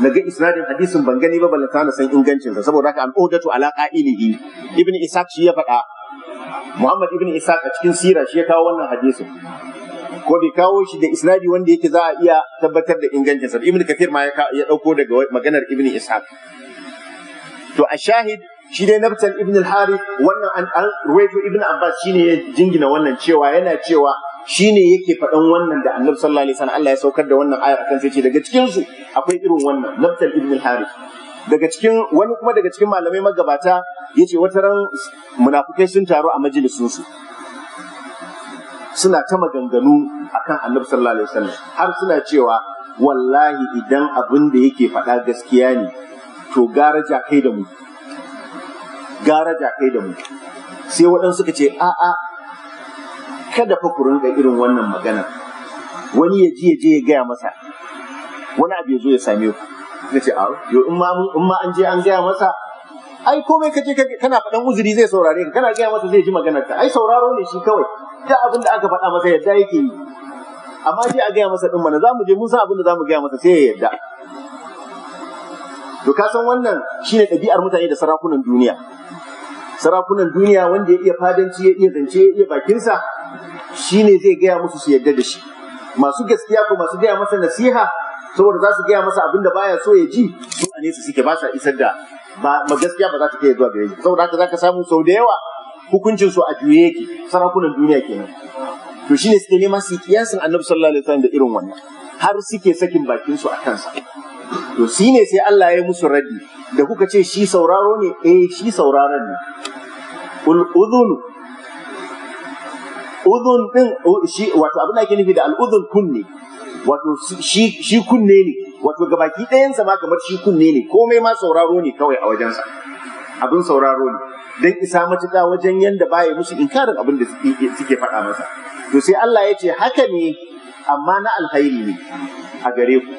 na ga isnadin hadisin ban gani ba balanta na san ingancin sa saboda haka al-udatu ala qa'ilihi ibn ishaq shi ya faɗa Muhammad ibn Ishaq a cikin sira shi ya kawo wannan hadisin ko bai kawo shi da isnadi wanda yake za a iya tabbatar da ingancinsa ibn Kathir ma ya dauko daga maganar ibn Ishaq. to a shahid shi dai Nabtal ibn al-Harith wannan an, ruwaito ibn Abbas shine ya jingina wannan cewa yana cewa shine yake faɗan wannan da Annabi sallallahu alaihi wasallam Allah ya saukar da wannan aya akan sai ce daga cikin su akwai irin wannan Nabtal ibn al-Harith daga cikin wani kuma daga cikin malamai magabata ya ce wata ran munafukai sun taru a majalisunsu suna ta maganganu akan annabi sallallahu alaihi wasallam har suna cewa wallahi idan abin da yake faɗa gaskiya ne to gara ja kai da mu gara ja kai da mu sai waɗansu suka ce a'a kada fa ku rinka irin wannan magana wani ya ji ya je ya gaya masa wani abu ya zo ya same ku na ce a yo in ma in ma an je an gaya masa ai komai kaje kana faɗan uzuri zai saurare ka kana gaya masa zai ji maganar ka ai sauraro ne shi kawai da abin da aka faɗa masa yadda yake yi amma je a gaya masa din mana zamu je mun san abin da zamu gaya masa sai ya yadda to ka san wannan shine ɗabi'ar mutane da sarakunan duniya sarakunan duniya wanda ya iya fadanci ya iya zance ya iya bakinsa shine zai gaya musu su yadda da shi masu gaskiya ko masu gaya masa nasiha saboda za su gaya masa abin da baya so ya ji su a nesa suke ba sa isar da ba gaskiya ba za ta kai zuwa gare shi saboda haka za ka samu sau da yawa hukuncin su a juye yake sarakunan duniya kenan to shine suke nema su kiyasin annabi sallallahu alaihi wasallam da irin wannan har suke sakin bakin su a kansa to shine sai Allah ya musu raddi da kuka ce shi sauraro ne eh shi sauraron ne ul udhun udhun din shi wato abin da ake nufi da al udhun kunni wato shi kunne ne wato gabaki ɗayansa ma kamar shi kunne ne komai ma sauraro ne kawai a wajensa abin sauraro ne dan isa matuƙa wajen yanda baya musu inkarin abin da suke faɗa masa to sai Allah ya ce haka ne amma na alkhairi ne a gare ku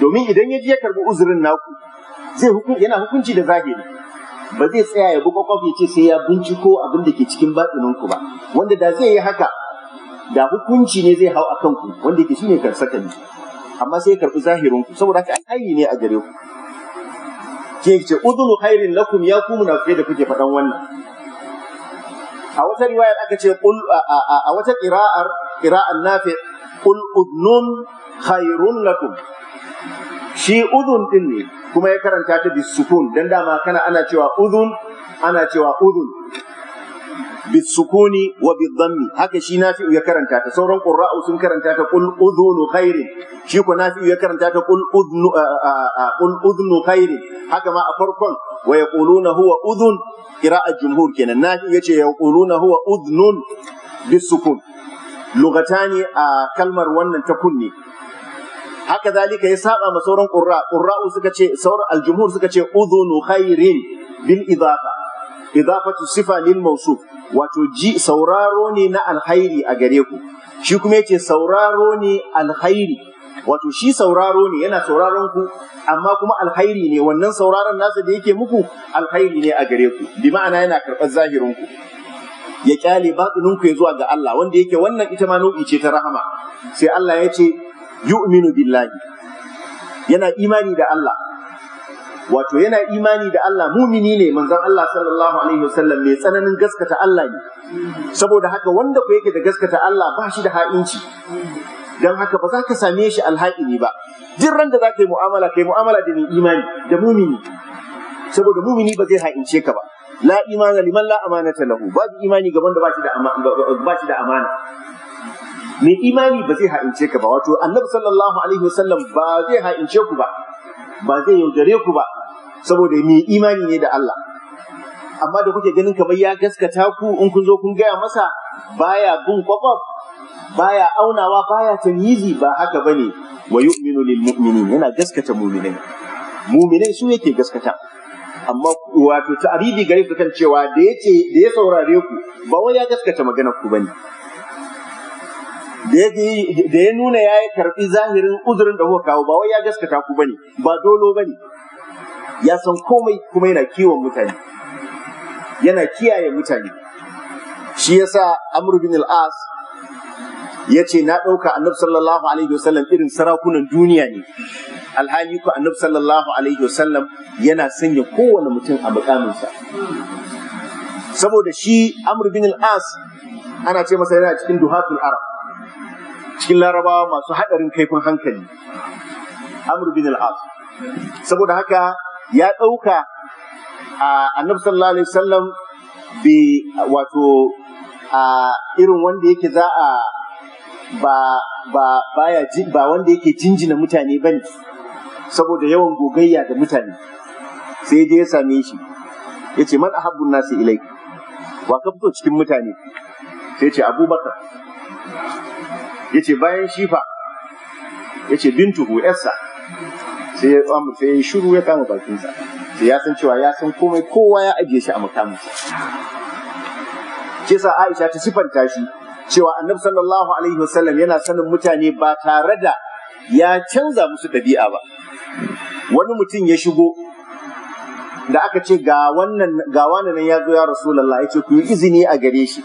domin idan ya ji ya karbi uzurin naku zai yana hukunci da zahiri ba zai tsaya ya buga ya ce sai ya binciko abin da ke cikin batsinin ku ba wanda da zai yi haka da hukunci ne zai hau a kanku wanda yake shine karsakani amma sai karbi zahirin ku saboda ka ayi ne a gare ku ke ce udunu khairin lakum ya ku munafikai da kuke faɗan wannan a wata riwayar aka ce qul a wata qira'ar qira'an nafi qul udnun khairun lakum shi udun din ne kuma ya karanta ta bisukun dan dama kana ana cewa udun ana cewa udun bisukuni wa bidhammi haka shi nafi'u ya karanta ta sauran qurra'u sun karanta ta qul udhunu khairin shi ko nafi'u ya karanta ta qul udhnu qul udhnu khairin haka ma a farkon wa yaquluna huwa udhun qira'a jumhur kenan nafi'u yace yaquluna huwa udhnun bisukun lugatani a kalmar wannan ta kunne haka zalika ya saba ma sauran qurra qurra'u suka ce sauran aljumhur suka ce udhunu khairin bil idafa idafatu sifa lil mawsuf wato ji sauraro ne na alkhairi a gare ku shi kuma yace sauraro ne alkhairi wato shi sauraro ne yana sauraron ku amma kuma alkhairi ne wannan sauraron nasa da yake muku alkhairi ne a gare ku bi ma'ana yana karɓar zahirin ku ya kyale batsunin ku ya zuwa ga Allah wanda yake wannan ita ma nau'i ce ta rahama sai Allah ya ce yu'minu billahi yana imani da Allah wato yana imani da Allah mumini ne manzon Allah sallallahu alaihi wasallam mai tsananin gaskata Allah ne saboda haka wanda ku yake da gaskata Allah ba shi da ha'inci dan haka ba za ka same shi ne ba duk ran da za ka yi mu'amala kai mu'amala da mai imani da mumini saboda mumini ba zai ha'ince ka ba la imana liman la amanata lahu babu imani ga wanda ba shi da ba shi da amana mai imani ba zai ha'ince ka ba wato annabi sallallahu alaihi wasallam ba zai ha'ince ku ba ba zai yaudare ku ba saboda mai imani ne da Allah amma da kuke ganin kamar ya gaskata ku in kun zo kun gaya masa baya bin kwakwaf baya aunawa baya tamyizi ba haka bane wa yu'minu lil mu'minin yana gaskata mu'minai mu'minai su yake gaskata amma wato ta'ribi gare ku kan cewa da yace da ya saurare ku ba wai ya gaskata maganar ku bane da ya nuna ya yi karɓi zahirin uzurin da kuka kawo ba wai ya gaskata ku bane ba dolo bane ya san komai kuma yana kiwon mutane yana kiyaye mutane shi yasa Amr bin al-As ya ce na ɗauka annabi sallallahu alaihi wasallam irin sarakunan duniya ne alhali ku annabi sallallahu alaihi wasallam yana sanya kowane mutum a mukaminsa saboda shi Amr bin al-As ana ce masa yana cikin duhatul arab cikin larabawa masu haɗarin kaifin hankali amr bin al saboda haka ya ɗauka annabi sallallahu alaihi wasallam bi wato a irin wanda yake za a ba ba baya ba wanda yake jinjina mutane bane saboda yawan gogayya da mutane sai je ya same shi yace man ahabbu nasi ilai wa ka fito cikin mutane sai ce abubakar Ya ce bayan shifa ce bintu yarsa sai ya sai ya shiru ya kama bakinsa sai ya san cewa ya san komai kowa ya ajiye shi a makamansa kisa Aisha ta sifanta shi cewa Annabi sallallahu alaihi wasallam yana sanin mutane ba tare da ya canza musu ɗabi'a ba wani mutum ya shigo da aka ce ga wannan ga wannan ya zo ya Rasulullah ya ce ku yi izini a gare shi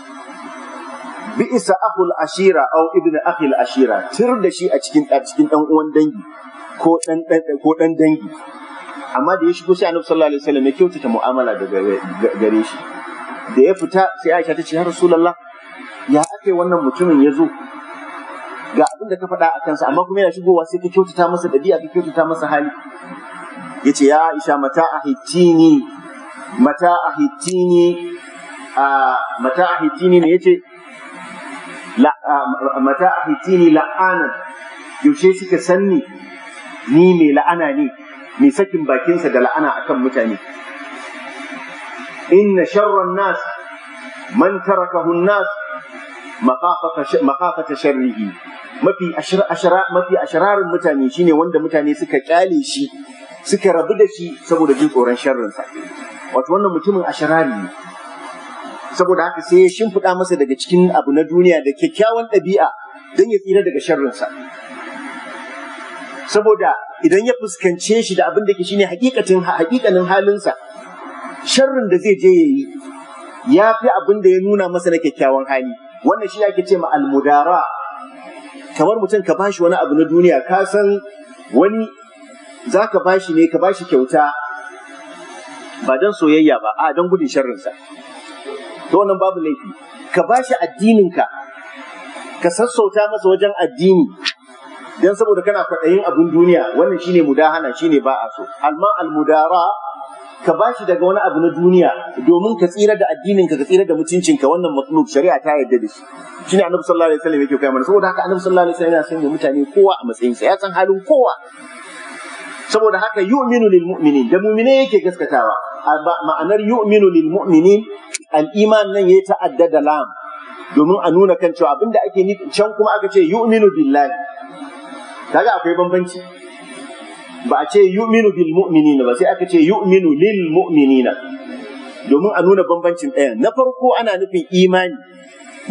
bi'isa ahul ashira au ibnu akhil ashira tir da shi a cikin a cikin dan uwan dangi ko dan ko dan dangi amma da ya shigo sai annabi sallallahu alaihi wasallam ya kyautata mu'amala daga gare shi da ya fita sai Aisha ta ce ya rasulullah ya ake wannan mutumin ya zo ga abin da ka faɗa a kansa amma kuma yana shigowa sai ka kyautata masa dabi'a ka kyautata masa hali yace ya Aisha mata ahitini mata a mata ahitini ne yace mata a hitini la'anan yaushe suka sanni ni mai la'ana ne mai sakin bakinsa da la'ana akan mutane inna sharran nas man tarakahu nas makafata sharrihi mafi ashirarin mutane shine wanda mutane suka kyale shi suka rabu da shi saboda jin tsoron sharrinsa wato wannan mutumin ashirari ne saboda haka sai ya shimfiɗa masa daga cikin abu na duniya da kyakkyawan ɗabi'a don ya tsira daga sharrinsa saboda idan ya fuskance shi da abin da ke shi ne hakikanin halinsa sharrin da zai je ya yi ya fi abin da ya nuna masa na kyakkyawan hali wannan shi ake ce ma almudara kamar mutum ka bashi wani abu na duniya ka san wani za ka bashi ne ka bashi kyauta ba don soyayya ba a don gudun sharrinsa ta wannan babu laifi ka ba shi addininka ka sassauta masa wajen addini dan saboda kana kwaɗayin abin duniya wannan shine mudahana shine ba a so amma almudara ka ba shi daga wani abu na duniya domin ka tsira da addininka ka tsira da mutuncinka wannan matsalolin shari'a ta yarda da shi shine annabi sallallahu alaihi wasallam yake kai mana saboda haka annabi sallallahu alaihi wasallam yana sanya mutane kowa a matsayinsa ya san halin kowa saboda haka yu'minu lil mu'minin da mu'mine yake gaskatawa ma'anar yu'minu lil mu'minin al'iman nan ya yi ta'adda da lam domin a nuna kan cewa abinda ake ni can kuma aka ce yu'minu billahi kaga akwai bambanci ba a ce yu'minu bil mu'minina ba sai aka ce yu'minu lil mu'minina domin a nuna bambancin ɗaya na farko ana nufin imani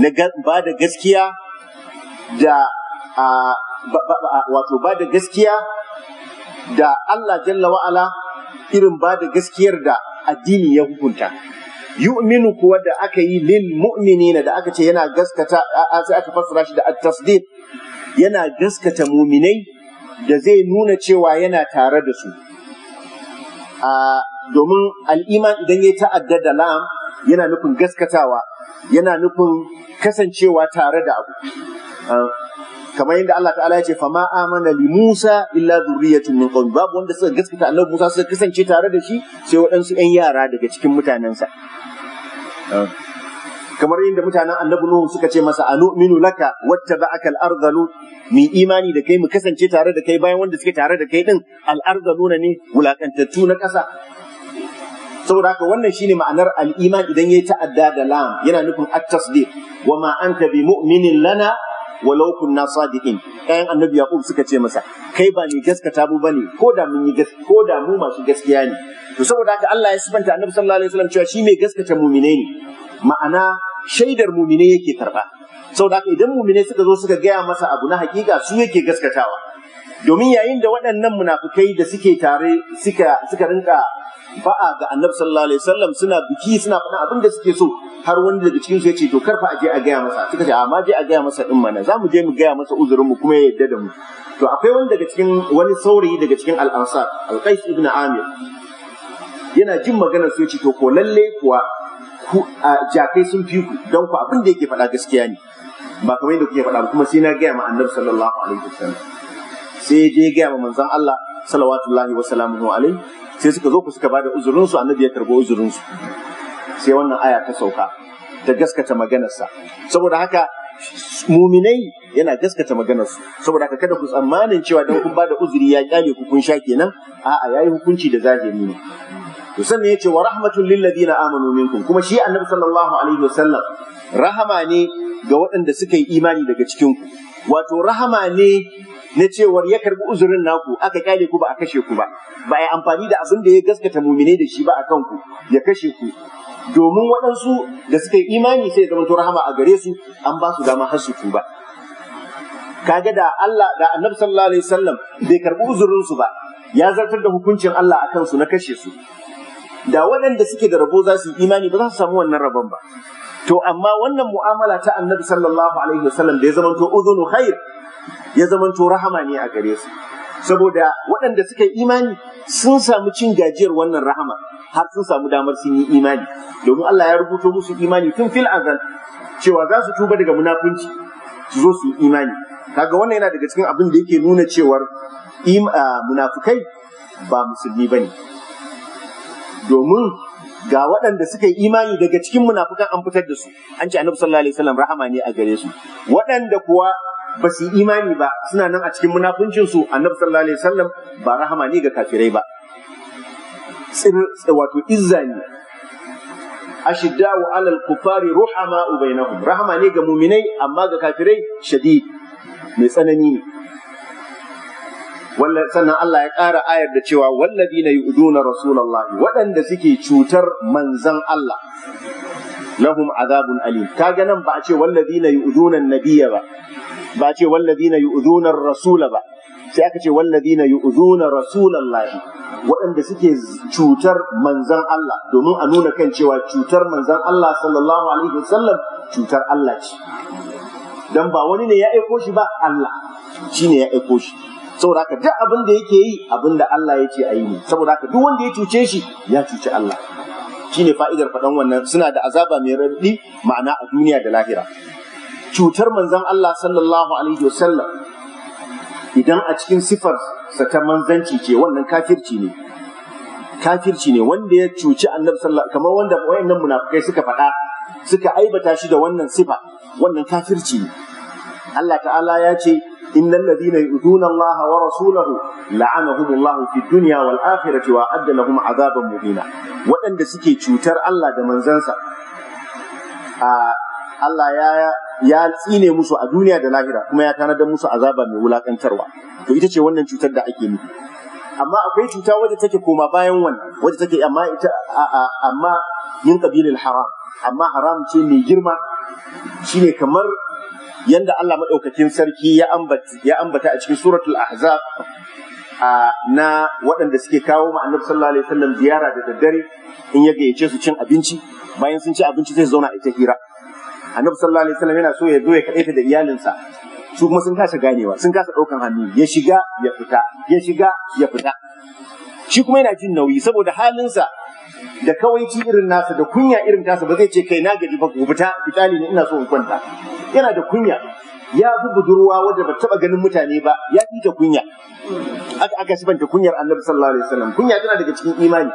na ba da gaskiya da wato ba da gaskiya da Allah jalla wa'ala irin ba da gaskiyar da addini ya hukunta yu'minu kuwa da aka yi lil mu'minina da aka ce yana gaskata sai aka fassara shi da at tasdid yana gaskata muminai da zai nuna cewa yana tare da su a domin al'iman idan ya ta'adda da lam yana nufin gaskatawa yana nufin kasancewa tare da abu kamar yadda Allah ta'ala ya ce fama amana li Musa illa zurriyatun min qawmi babu wanda suka gaskata annabi Musa suka kasance tare da shi sai waɗansu ƴan yara daga cikin mutanensa kamar yadda mutanen annabi Nuhu suka ce masa anu'minu laka wattaba'aka al-ardhalu mi imani da kai mu kasance tare da kai bayan wanda suke tare da kai din al-ardhaluna ne wulakantattu na ƙasa saboda haka wannan shine ma'anar al'iman idan yayi ta'adda da lam yana nufin at-tasdiq wa ma anta bi mu'minin lana walau kunna sadiqin ƴaƴan annabi yaqub suka ce masa kai ba ni gaskata mu bane ko da mun yi ko da mu masu gaskiya ne to saboda haka Allah ya sifanta annabi sallallahu alaihi wasallam cewa shi mai gaskata mumine ne ma'ana shaidar mumine yake karba saboda haka idan mumine suka zo suka gaya masa abu na hakika su yake gaskatawa domin yayin da waɗannan munafukai da suke tare suka suka rinka ba'a ga annabi sallallahu alaihi wasallam suna biki suna fada abin da suke so har wani daga cikin su yace to kar fa aje a gaya masa suka ce amma je a gaya masa din mana zamu je mu gaya masa uzurin mu kuma ya yadda da mu to akwai wani daga cikin wani saurayi daga cikin al-ansar al-qais ibn amir yana jin maganar su yace to ko lalle kuwa jakai sun fi ku don ku abin da yake faɗa gaskiya ne ba kamar yadda kuke faɗa kuma sai na gaya ma annabi sallallahu alaihi wasallam sai ya je gaya wa manzon Allah salawatullahi wa salamuhu alaihi sai suka zo ku suka bada uzurin su annabi ya karbo uzurin su sai wannan aya ta sauka ta gaskata maganarsa saboda haka muminai yana gaskata maganar su saboda haka kada ku tsammanin cewa dan kun bada uzuri ya kyale ku kun sha kenan a'a yayi hukunci da zahiri ne to sannan yace wa rahmatul lil ladina amanu minkum kuma shi annabi sallallahu alaihi wasallam rahama ne ga waɗanda suka yi imani daga cikin ku wato rahama ne na cewar ya karbi uzurin naku aka kyale ku ba a kashe ku ba ba a amfani da abin da ya gaskata mumine da shi ba a kanku ya kashe ku domin waɗansu da suka yi imani sai zama to rahama a gare su an ba su dama har su tuba kaga da Allah da Annabi sallallahu alaihi wasallam bai karbi uzurin su ba ya zartar da hukuncin Allah akan su na kashe su da waɗanda suke da rabo za su yi imani ba za su samu wannan rabon ba to amma wannan mu'amala ta annabi sallallahu alaihi wasallam da ya zamanto udhunu khair ya zamanto rahama ne a gare su saboda waɗanda suka yi imani sun samu cin gajiyar wannan rahama har sun samu damar sun yi imani domin Allah ya rubuto musu imani tun fil azal cewa za su tuba daga munafunci su zo su yi imani kaga wannan yana daga cikin abin da yake nuna cewar ah, munafukai ba musulmi bane domin ga waɗanda suka yi imani daga cikin munafukan an fitar da su an ce annabi sallallahu alaihi wasallam rahama ne a gare su waɗanda kuwa ba su yi imani ba suna nan a cikin munafuncin su annabi sallallahu alaihi wasallam ba rahama ne ga kafirai ba wato izza ne ashidda'u alal kufari ruhama bainahum rahama ne ga muminai amma ga kafirai shadid mai tsanani ne sannan Allah ya ƙara ayar da cewa wallazina yu'duna rasulullahi waɗanda suke cutar manzan Allah lahum azabun alim kaga nan ba a ce wallazina yu'duna nabiyya ba ba a ce wallazina yu'duna rasula ba sai aka ce wallazina yu'duna rasulallahi waɗanda suke cutar manzan Allah domin a nuna kan cewa cutar manzan Allah sallallahu alaihi wasallam cutar Allah ce dan ba wani ne ya aiko shi ba Allah shine ya aiko shi saboda haka duk abin da yake yi abin da Allah ya ce a yi ne saboda haka duk wanda ya cuce shi ya cuci Allah shine fa'idar faɗan wannan suna da azaba mai raɗi ma'ana a duniya da lahira cutar manzon Allah sallallahu alaihi wasallam idan a cikin sifar sa ta manzanci ce wannan kafirci ne kafirci ne wanda ya cuci annabi sallallahu kamar wanda wayannan munafikai suka faɗa suka aibata shi da wannan sifa wannan kafirci ne Allah ta'ala ya ce إن الذين يؤذون الله ورسوله لعنهم الله في الدنيا والآخرة وأعد لهم عذابا مبينا وأن سكي تشوتر الله دمن زنسا آه Allah ya ya tsine musu a duniya da lahira kuma ya tanadar musu azaba mai wulakantarwa to ita wannan cutar da ake nufi amma akwai cuta wadda take koma bayan wani. wadda take amma ita amma yin qabilil haram amma haram ce mai girma shine kamar yanda Allah maɗaukakin sarki ya ambata a cikin suratul ahzab na waɗanda suke kawo ma annabi sallallahu alaihi wasallam ziyara da daddare in ya gayyace su cin abinci bayan sun ci abinci sai zauna ita hira annabi sallallahu alaihi wasallam yana so ya zo ya ta da iyalinsa su kuma sun kasa ganewa sun kasa ɗaukan hannu ya shiga ya fita ya shiga ya fita shi kuma yana jin nauyi saboda halinsa da kawaici irin nasa da kunya irin tasa ba zai ce kai na gari ba gobe ta fitali ne ina so in kwanta yana da kunya ya fi budurwa wadda ba taba ganin mutane ba ya fi ta kunya aka aka sifanta kunyar annabi sallallahu alaihi wasallam kunya tana daga cikin imani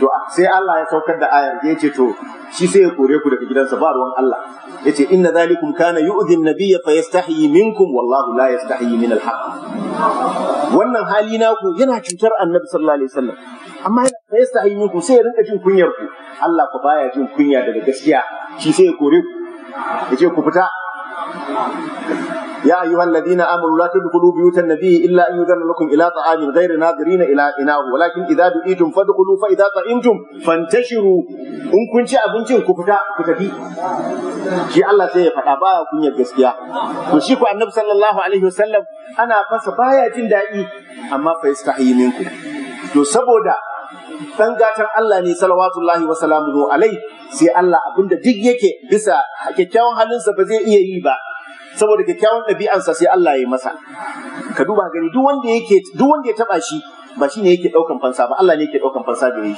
to sai Allah ya saukar da ayar ya ce to shi sai ya kore ku daga gidansa ba ruwan Allah ya ce inna zalikum kana yu'zi an-nabiyya fa yastahi minkum wallahu la yastahi min al-haq wannan hali naku yana cutar annabi sallallahu alaihi wasallam amma fa yastahi minkum sai ya rinka jin kunyar ku Allah ku baya jin kunya daga gaskiya shi sai ya kore ku ya ce ku fita يا أيها الذين آمنوا لا تدخلوا بيوت النبي إلا أن يذن لكم إلى طعام غير ناظرين إلى إناه ولكن إذا دعيتم فادخلوا فإذا طعمتم فانتشروا إن كنت أبنتم كفتا كتبي شي الله سي فتا بايا كنيا غسكيا وشيكو النبي صلى الله عليه وسلم أنا فس بايا جن دائي أما فيستحيي منكم to saboda dan gatan Allah ne salawatullahi wa salamuhu alai sai Allah abinda duk yake bisa kyakkyawan halinsa ba zai iya yi ba saboda kyakkyawan ɗabi'ansa sai Allah ya masa ka duba gani duk wanda yake duk wanda ya taba shi ba shi ne yake ɗaukan fansa ba Allah ne yake ɗaukan fansa da shi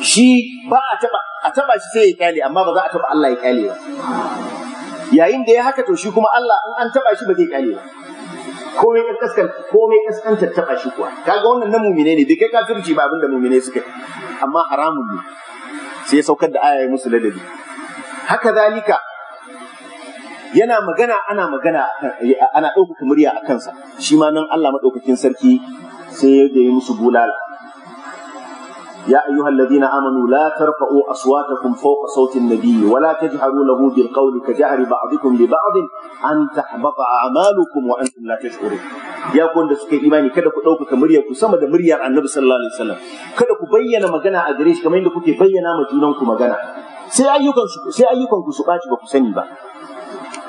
shi ba a taba a taba shi sai ya kyale amma ba za a taba Allah ya kyale ba yayin da ya haka to shi kuma Allah in an taba shi ba zai kyale ba komai kaskan komai kaskanta taba shi kuwa kaga wannan na mumine ne bai kai kafirci ba abinda mumine suke. amma haramun ne sai ya saukar da aya musu ladabi haka zalika yana magana ana magana ana ɗaukaka murya a kansa shi ma nan Allah maɗaukakin sarki sai ya yi musu bulala يا أيها الذين آمنوا لا ترفعوا أصواتكم فوق صوت النبي ولا تجهروا له بالقول كجهر بعضكم لبعض أن تحبط أعمالكم وأنتم لا تشعرون يا كون da suka imani kada ku ɗaukaka muryar sama da muryar Annabi sallallahu alaihi kada ku bayyana magana a gare shi kamar yadda kuke bayyana ma junan ku magana sai ayyukan su sai ku su ba ku sani ba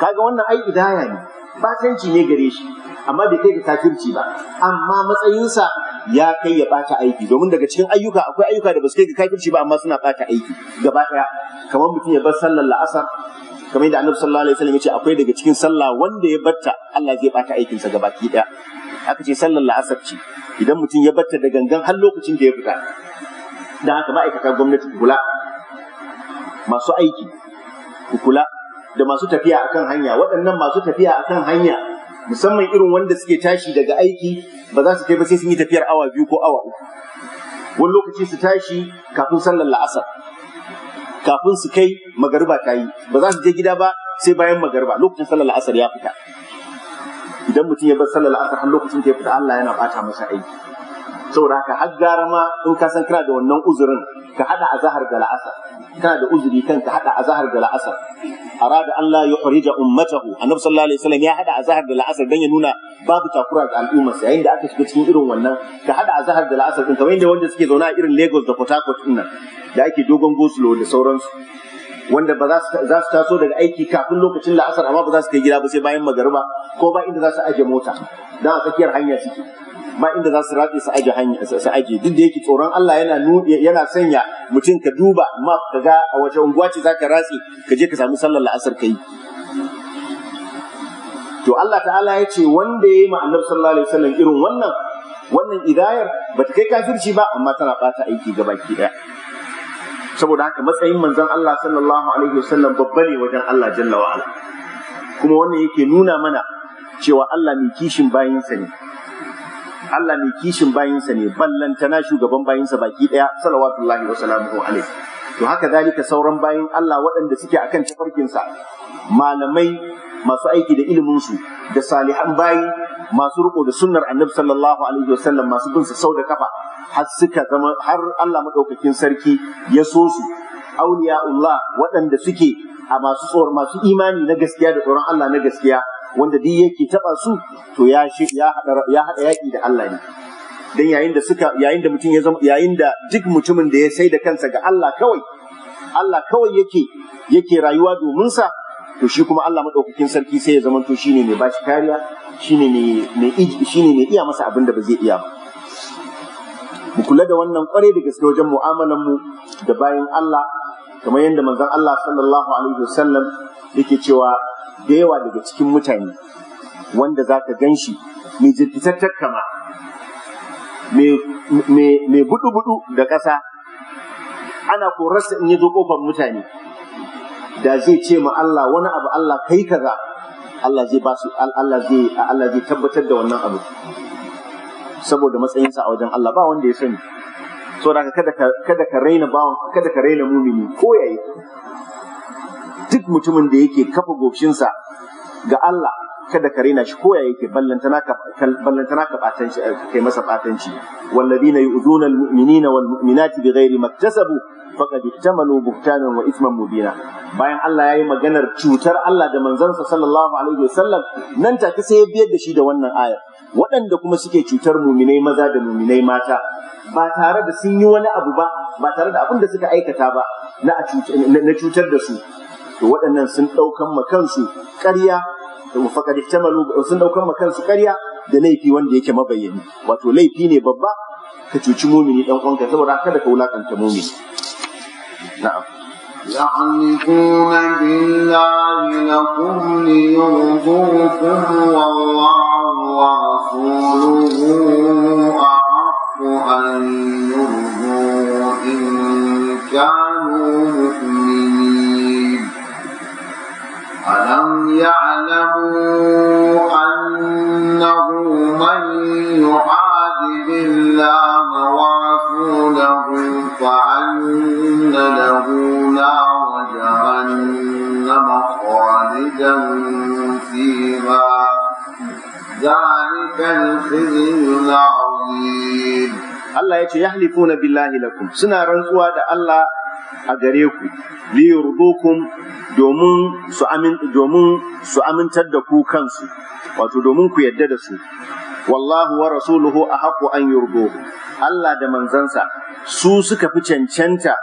kaga wannan ai idaya ne ne gare shi amma bai kai ga takirci ba amma matsayinsa ya kai ya bata aiki domin daga cikin ayyuka akwai ayyuka da basu su kai ga kafirci ba amma suna bata aiki gaba daya kamar mutum ya bar sallar la'asar kamar yadda annabi sallallahu alaihi wasallam ya ce akwai daga cikin sallah wanda ya batta Allah zai bata aikinsa gaba ki daya aka ce sallar la'asar ce idan mutum ya batta da gangan har lokacin da ya fita dan haka ma'aikatan gwamnati kula masu aiki kula da masu tafiya akan hanya waɗannan masu tafiya akan hanya musamman irin wanda suke tashi daga aiki ba za su kai ba sai sun yi tafiyar awa biyu ko awa uku wani lokaci su tashi kafin sallar la'asar kafin su kai magariba ta yi ba za su je gida ba sai bayan magariba lokacin sallar la'asar ya fita idan mutum ya bar sallar la'asar har lokacin ta ya fita Allah yana bata masa aiki saboda haka har gara ma in ka san kana da wannan uzurin ka hada azhar da la'asar kana da uzuri kan ka hada azhar da la'asar arada an la yuhrija ummatahu annabi sallallahu alaihi wasallam ya hada azhar da la'asar dan ya nuna babu takura ga al'umma. sa yayin da aka shiga cikin irin wannan ka hada azhar da la'asar din kamar yadda wanda suke zauna a irin Lagos da Port Harcourt din nan da ake dogon gosulo da sauransu wanda ba za su taso daga aiki kafin lokacin la'asar amma ba za su kai gida ba sai bayan magariba ko ba inda za su aje mota don a tsakiyar hanya suke ma inda za su ratse su aje hanya su aje duk da yake tsoron Allah yana yana sanya mutum ka duba map ka ga a waje unguwa ce zaka ratse ka je ka samu sallar la'asar kai to Allah ta'ala ya ce wanda ya yi ma annabi sallallahu alaihi wasallam irin wannan wannan idayar ba ta kai kafirci ba amma tana bata aiki ga baki daya saboda haka matsayin manzon Allah sallallahu alaihi wasallam babba ne wajen Allah jalla wa ala kuma wannan yake nuna mana cewa Allah mai kishin bayinsa ne Allah mai kishin bayinsa ne ballantana shugaban bayinsa baki ɗaya. salawatullahi wa salamuhu alaihi to haka zalika sauran bayin Allah waɗanda suke akan tafarkinsa malamai masu aiki da ilimin su da salihan bayi masu riko da sunnar annabi sallallahu alaihi wasallam masu bin sau da kafa har suka zama har Allah madaukakin sarki ya so su auliyaullah waɗanda suke a masu tsoron masu imani na gaskiya da tsoron Allah na gaskiya wanda duk yake taba su to ya ya hada yaki da Allah ne dan yayin da suka yayin da mutum ya zama yayin da duk mutumin da ya sai da kansa ga Allah kawai Allah kawai yake yake rayuwa domin sa to shi kuma Allah madaukakin sarki sai ya zama to shine mai bashi kariya shine ne mai shine ne iya masa abin da ba zai iya ba mu kula da wannan kware da gaske wajen mu'amalan mu da bayan Allah kamar yadda manzon Allah sallallahu alaihi wasallam yake cewa da yawa daga cikin mutane wanda za ka gan shi mai jirfitattar kama mai budu-budu da ƙasa ana korarsa in ya zo ƙofar mutane da zai ce ma Allah wani abu Allah kai kaza Allah zai ba su Allah zai tabbatar da wannan abu saboda matsayinsa a wajen Allah ba wanda ya sani saboda kada ka kada ka raina bawon kada ka raina mumini ko yayi duk mutumin da yake kafa goshinsa ga Allah kada ka raina shi koya yake ballantana ka batanci eh, kai masa batanci walladina yu'duna almu'minina walmuminati mu'minati bighairi maktasabu faqad ihtamalu buhtanan wa ithman mubina bayan Allah ya yi maganar cutar Allah da manzansa sallallahu alaihi wasallam nan take sai ya biyar da shi da wannan ayar waɗanda kuma suke cutar muminai maza da muminai mata ba tare da sun yi wani abu ba ba tare da abin da suka aikata ba na cutar da su to waɗannan sun daukan ma kansu ƙarya faqad ihtamalu sun daukan ma kansu ƙarya da laifi wanda yake mabayyani wato laifi ne babba ka cuci mumini dan uwanka saboda kada ka wulakanta mumini na'am يعرفون بالله لكم ليرضوكم والله ورسوله أحق أن يرضوه إن كانوا مؤمنين ألم يعلموا أنه من يحادد الله ورسوله فأن له نار جهنم خالدا فيها ذلك الخزي العظيم الله يحلفون بالله لكم سنة رنسوا الله a gare ku liyurdukum domin su domin su amintar da ku kansu wato domin ku yadda da su wallahu wa rasuluhu a ahqqu an yurduhu Allah da manzansa su suka fi cancanta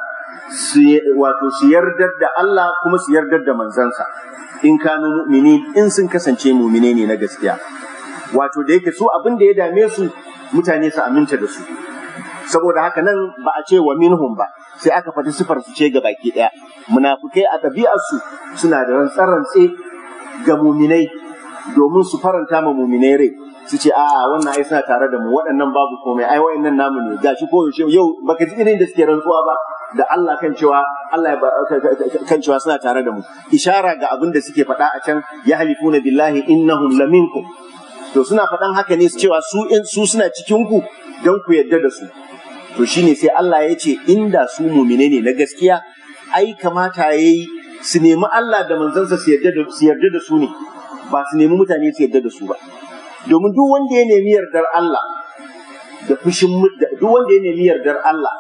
wato su yardar da Allah kuma su yardar da manzansa in kanu mu'mini in sun kasance mu'mine ne na gaskiya wato da yake su abin da ya dame su mutane su aminta da su saboda haka nan ba a ce wa minhum ba sai aka faɗi sifar su ce ga baki ɗaya munafukai a ɗabi'arsu suna da rantsarantse ga muminai domin su faranta ma muminai rai su ce a wannan ai suna tare da mu waɗannan babu komai ai waɗannan namu ne gashi ko yaushe yau baka ji irin da suke rantsuwa ba da Allah kan cewa Allah kan cewa suna tare da mu ishara ga abin da suke faɗa a can ya halifuna billahi innahum laminkum to suna faɗan haka ne cewa su in su suna cikin ku dan ku yadda da su to shi ne sai Allah ya ce inda su mumine ne na gaskiya ai kamata ya yi su nemi Allah da manzansa su yarda da su ne ba su nemi mutane su yarda da su ba domin duk wanda ya nemi yardar Allah da fushin duk wanda ya nemi yardar Allah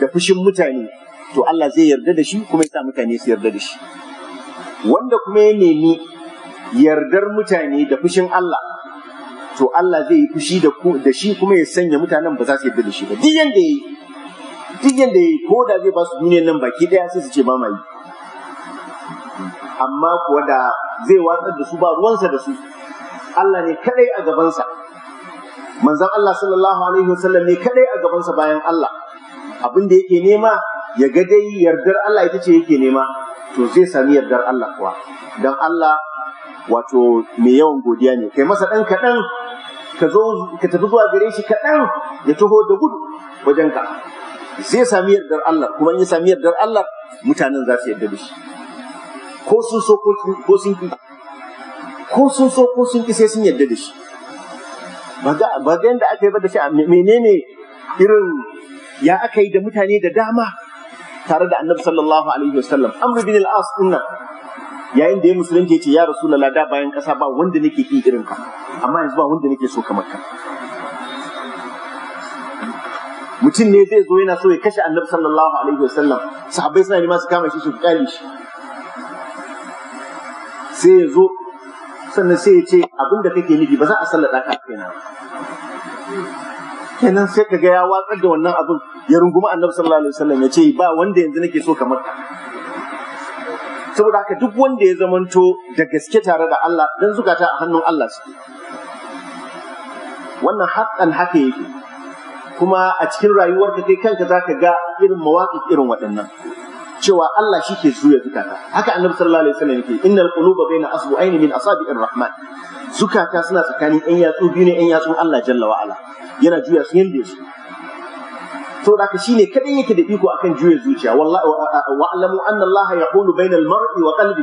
da fushin mutane to Allah zai yarda da shi kuma ya sa mutane su yarda da shi wanda kuma ya nemi yardar mutane da fushin Allah to Allah zai yi fushi da da shi kuma ya sanya mutanen ba za su yarda da shi ba duk yanda yayi duk yanda yayi ko da zai ba su duniyar nan baki daya sai su ce ba mai amma kuwa da zai watsar da su ba ruwansa da su Allah ne kadai a gabansa manzon Allah sallallahu alaihi wasallam ne kadai a gabansa bayan Allah abin da yake nema ya ga dai yardar Allah ita ce yake nema to zai sami yardar Allah kuwa dan Allah wato mai yawan godiya ne kai masa ɗan kaɗan ka zo ka tafi zuwa gare shi kaɗan ya taho da gudu wajen ka zai sami yardar Allah kuma in ya sami yardar Allah mutanen za su yarda da shi ko sun so ko sun ki ko sun so ko sun ki sai sun yarda da shi ba ga yadda aka yi ba da shi menene irin ya aka yi da mutane da dama tare da annabi sallallahu alaihi wasallam amru bin al-as dinnan yayin da ya musulunci ce ya rasu da bayan kasa ba wanda nake fi irin ka amma yanzu ba wanda nake so kamar ka mutum ne zai zo yana so ya kashe annabi sallallahu alaihi wasallam sahabbai suna nema su kama shi su kyale shi sai ya zo sannan sai ya ce abin da kake nufi ba za a sallada ka kenan kenan sai ka ga ya watsar da wannan abin ya runguma annabi sallallahu alaihi wasallam ya ce ba wanda yanzu nake so kamar ka saboda haka duk wanda ya zamanto da gaske tare da Allah dan zukata a hannun Allah suke wannan haƙan haka yake kuma a cikin rayuwarka kai kanka za ka ga irin mawaƙi irin waɗannan cewa Allah shi ke zuya zukata haka annabi sallallahu alaihi wasallam yake innal quluba baina asbu'aini min asabi'ir rahman zukata suna tsakanin ɗan yatsu biyu ne ɗan yatsun Allah jalla wa ala yana juya su yanda ya su saboda shi ne kaɗai yake da iko akan juya zuciya wallahi wa alamu anna Allah yaqulu bayna al-mar'i wa qalbi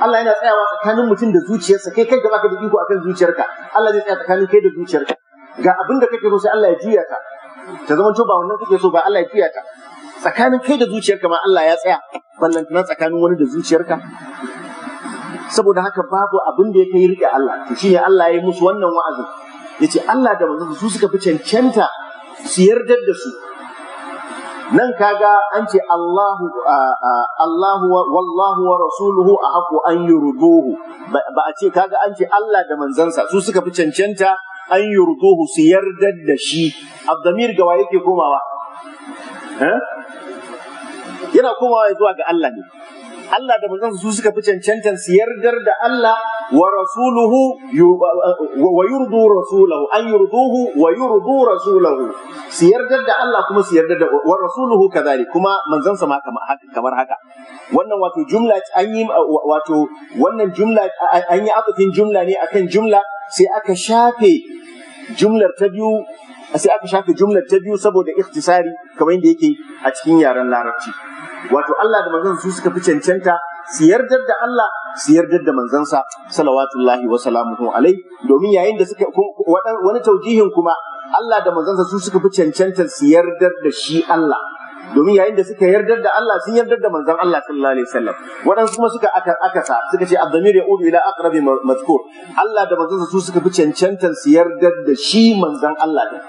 Allah yana tsayawa tsakanin mutum da zuciyarsa kai kai gaba ka da iko akan zuciyarka Allah zai tsaya tsakanin kai da zuciyarka ga abin da kake so sai Allah ya juya ka ta zama to ba wannan kake so ba Allah ya juya ka tsakanin kai da zuciyarka ma Allah ya tsaya ballantana tsakanin wani da zuciyarka saboda haka babu abin da ya kai riƙe Allah to shine Allah ya yi musu wannan wa'azin yace Allah da manzon su suka fi cancanta su yardar da su nan kaga an ce Allahu Allahu wallahu wa rasuluhu a haku an yurduhu ba a ce kaga an ce Allah da manzansa su suka fi cancanta an yurduhu su yardar da shi abdamir gawa yake komawa eh? yana komawa zuwa ga Allah ne Allah da manzon su suka fi cancantan su yardar da Allah wa rasuluhu wa yurdu rasulahu an yurduhu wa yurdu rasulahu su yardar da Allah kuma su yardar da wa rasuluhu kadhalik kuma manzon sa ma kamar haka wannan wato jumla an yi wato wannan jumla an yi akafin jumla ne akan jumla sai aka shafe jumlar ta biyu sai aka shafe jumlar ta biyu saboda ikhtisari kamar yadda yake a cikin yaren larabci wato Allah da manzansa su suka fi cancanta su yardar da Allah su yardar da manzansa salawatullahi wa salamuhu alai domin yayin da suka wani taujihin kuma Allah da manzansa su suka fi cancanta su yardar da shi Allah domin yayin da suka yardar da Allah sun yardar da manzon Allah sallallahu alaihi wasallam waɗansu kuma suka akasa suka ce abdamir ya udu ila aqrabi mazkur Allah da manzon su suka fi cancantan su yardar da shi manzon Allah din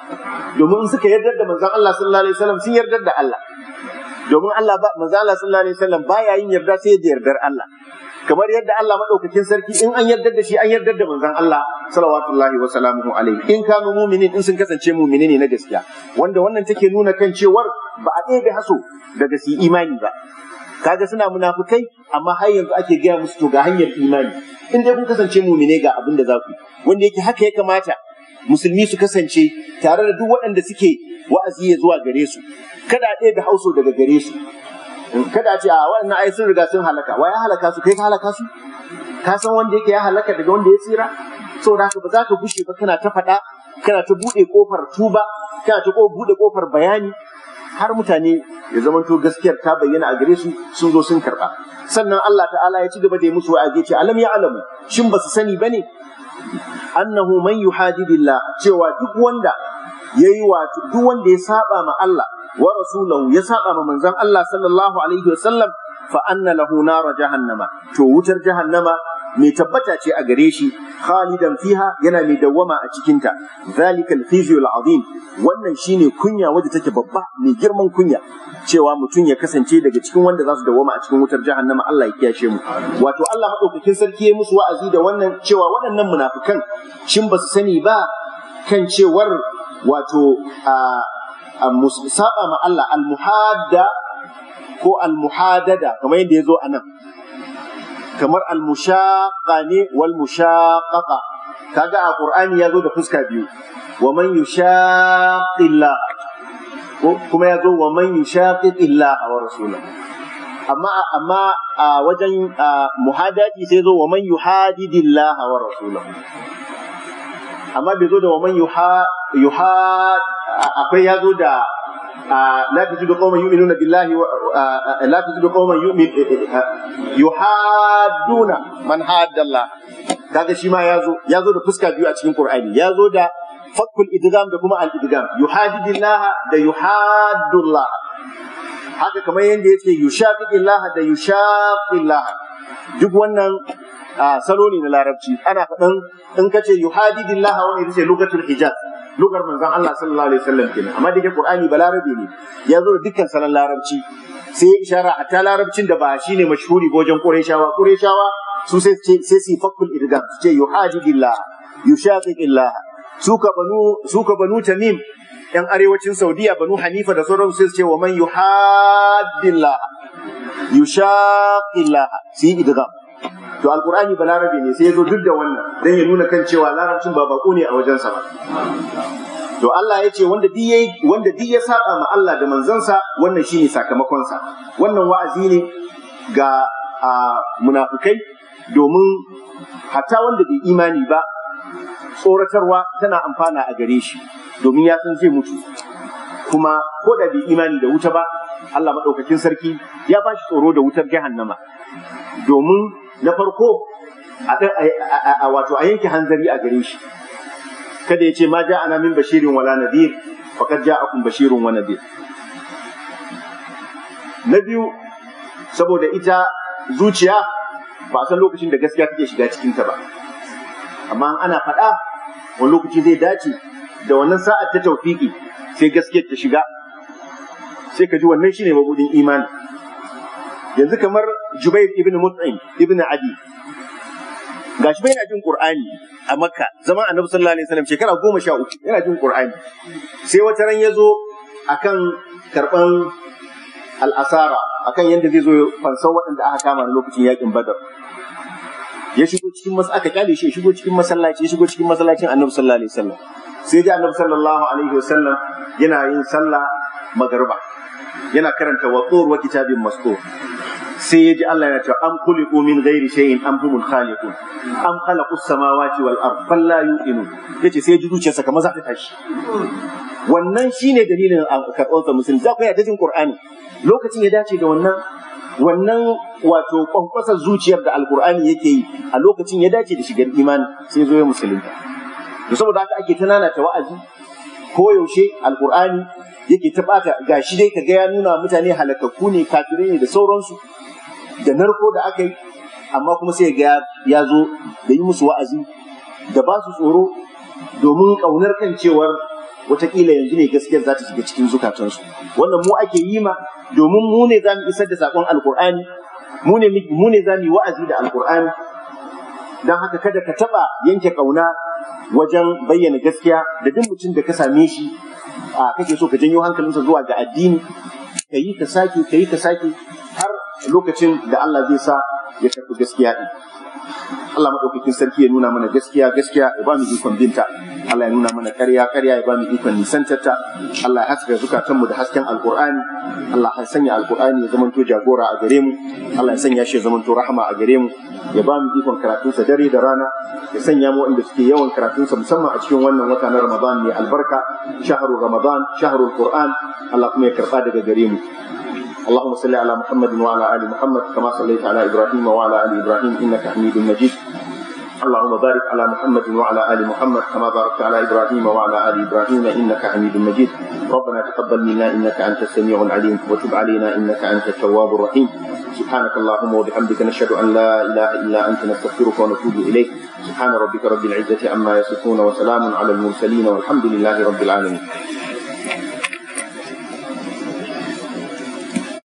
domin suka yardar da manzon Allah sallallahu alaihi wasallam sun yardar da Allah domin Allah ba manzon Allah sallallahu alaihi wasallam baya yin yarda sai da yardar Allah kamar yadda Allah madaukakin sarki in an yarda da shi an yarda da manzon Allah salawatullahi wa salamuhu alaihi in kanu mu'minin in sun kasance mu'mini ne na gaskiya wanda wannan take nuna kan cewar ba a ɗebe haso daga su imani ba kaga suna munafukai amma har yanzu ake gaya musu to ga hanyar imani in dai kun kasance mu'mine ga abin da za ku wanda yake haka ya kamata musulmi su kasance tare da duk waɗanda suke wa'azi ya zuwa gare su kada a ɗaya da haso daga gare su kada a ce a ah, waɗannan ai sun riga sun halaka wa ya halaka su kai ka halaka su ka san wanda yake ya halaka daga wanda ya tsira so haka ba za ka gushe ba kana ta faɗa kana ta buɗe kofar tuba kana ta buɗe kofar bayani har mutane ya zamanto gaskiyar ta bayyana a gare su sun zo sun karba sannan Allah ta'ala ya ci gaba da yi musu wa'azi ce alam ya alamu shin ba su sani bane annahu man yuhadidillah cewa duk wanda yayi wato duk wanda ya saba ma Allah wa rasulahu ya saba ma manzon Allah sallallahu alaihi sallam fa anna lahu nara jahannama to wutar jahannama mai tabbata ce a gare shi khalidan fiha yana mai dawwama a cikinta zalikal khizyul azim wannan shine kunya wadda take babba mai girman kunya cewa mutum ya kasance daga cikin wanda za su dawwama a cikin wutar jahannama Allah ya kiyashe mu wato Allah haɗaukakin sarki ya musu wa'azi da wannan cewa waɗannan munafukan shin ba su sani ba kan cewar wato a saba ma Allah al-muhadda ko al-muhadada kamar yadda ya zo a nan kamar al ne wal mushaqqa kaga a qur'ani ya zo da fuska biyu wa man ko kuma ya zo wa man yushaqiqillah wa rasulahu amma amma a wajen muhadadi sai zo wa man yuhadidillah wa rasulahu amma bai zo da wa man yuha yuha akwai ya zo da la tajidu qauman yu'minuna billahi la tajidu qauman yu'min e, e, e, yuhadduna man ha haddalla kaga shi ma ya zo ya zo da fuska biyu a cikin qur'ani ya zo da fakkul idgam da kuma al idgam yuhadidillaha da yuhaddullah haka kamar yadda yake yushaqiqillaha da yushaqillah duk wannan a ah, salo ne na larabci ana faɗin in ka ce yuhadidillah wani ita ce lokacin hijab. lugar manzon Allah sallallahu alaihi wasallam kenan amma dake Qur'ani ba larabci ne ya zo dukkan salon larabci sai ya ishara hatta larabcin da ba shi ne mashhuri ba wajen Qurayshawa Qurayshawa su sai sai su fakul idgam su ce yuhadidillah yushaqiqillah su ka banu su ka banu Tamim yan arewacin Saudiya banu Hanifa da sauran sai su ce wa man yuhadillah yushaqiqillah su yi idgam to alqur'ani balarabe ne sai ya zo duk da wannan dan ya nuna kan cewa larabcin ba bako ne a wajen sa ba to Allah ya ce wanda duk yayi wanda duk ya saba ma Allah da manzansa wannan shine sakamakonsa wannan wa'azi ne ga munafukai domin hatta wanda bai imani ba tsoratarwa tana amfana a gare shi domin ya san zai mutu kuma ko da bai imani da wuta ba Allah maɗaukakin sarki ya ba shi tsoro da wutar jahannama domin na farko a wato a yanke hanzari a gare shi kada ya ce ma ja ana min bashirin wala nadir ja akun bashirin wa nadir na biyu saboda ita zuciya ba a san lokacin da gaskiya take shiga cikin ta ba amma ana faɗa wani lokaci zai dace da wannan sa'ar ta tawfiki sai gaskiyar ta shiga sai ka ji wannan shine mabudin imani yanzu kamar Jubair ibn Mut'im ibn Adi gashi bai yana jin Qur'ani a Makka zaman Annabi sallallahu alaihi wasallam shekara goma sha uku yana jin Qur'ani sai wata ran ya zo akan karban al'asara akan yadda zai zo fansan waɗanda aka kama lokacin yakin Badar ya shigo cikin masa aka kyale shi ya shigo cikin masallaci ya shigo cikin masallacin Annabi sallallahu alaihi wasallam sai ji Annabi sallallahu alaihi wasallam yana yin sallah magariba yana karanta wa wa kitabin mastur sai ya ji Allah ya ce am khuliqu min ghairi shay'in am humul khaliqun am khalaqu samawati wal ard bal la yace sai ya zuciyarsa kamar za ta tashi wannan shine dalilin karɓar musulmi za ku yi ta jin qur'ani lokacin ya dace da wannan wannan wato kwankwasar zuciyar da alqur'ani yake yi a lokacin ya dace da shigar imani sai zo ya musulunta to saboda haka ake ta ta wa'azi koyaushe alqur'ani yake ta bata gashi dai kaga ya nuna mutane halakakku ne kafirai ne da sauransu da narko da aka yi amma kuma sai ga ya zo da yi musu wa'azi da ba su tsoro domin ƙaunar kan cewar watakila yanzu ne gaskiyar za ta shiga cikin zukatansu wannan mu ake yi ma domin mu ne za mu isar da saƙon alkur'ani mu ne mu ne za mu yi wa'azi da alkur'ani don haka kada ka taɓa yanke ƙauna wajen bayyana gaskiya da duk mutum da ka same shi a kake so ka janyo hankalinsa zuwa ga addini ka yi ka sake ka yi ka sake har lokacin da Allah zai sa ya tafi gaskiya din Allah maɗaukakin sarki ya nuna mana gaskiya gaskiya ya ba mu ikon binta Allah ya nuna mana ƙarya ƙarya ya ba mu ikon nisantarta Allah ya haska zukatanmu da hasken alƙur'ani Allah ya sanya alƙur'ani ya zamanto jagora a gare mu Allah ya sanya shi ya zamanto rahama a gare mu ya ba mu ikon karatunsa dare da rana ya sanya mu wanda suke yawan karatunsa musamman a cikin wannan wata na Ramadan mai albarka shahru Ramadan shahrul Qur'an Allah kuma ya karɓa daga gare mu اللهم صل على محمد وعلى ال محمد كما صليت على ابراهيم وعلى ال ابراهيم انك حميد مجيد اللهم بارك على محمد وعلى ال محمد كما باركت على ابراهيم وعلى ال ابراهيم انك حميد مجيد ربنا تقبل منا انك انت السميع العليم وتب علينا انك انت التواب الرحيم سبحانك اللهم وبحمدك نشهد ان لا اله الا انت نستغفرك ونتوب اليك سبحان ربك رب العزه عما يصفون وسلام على المرسلين والحمد لله رب العالمين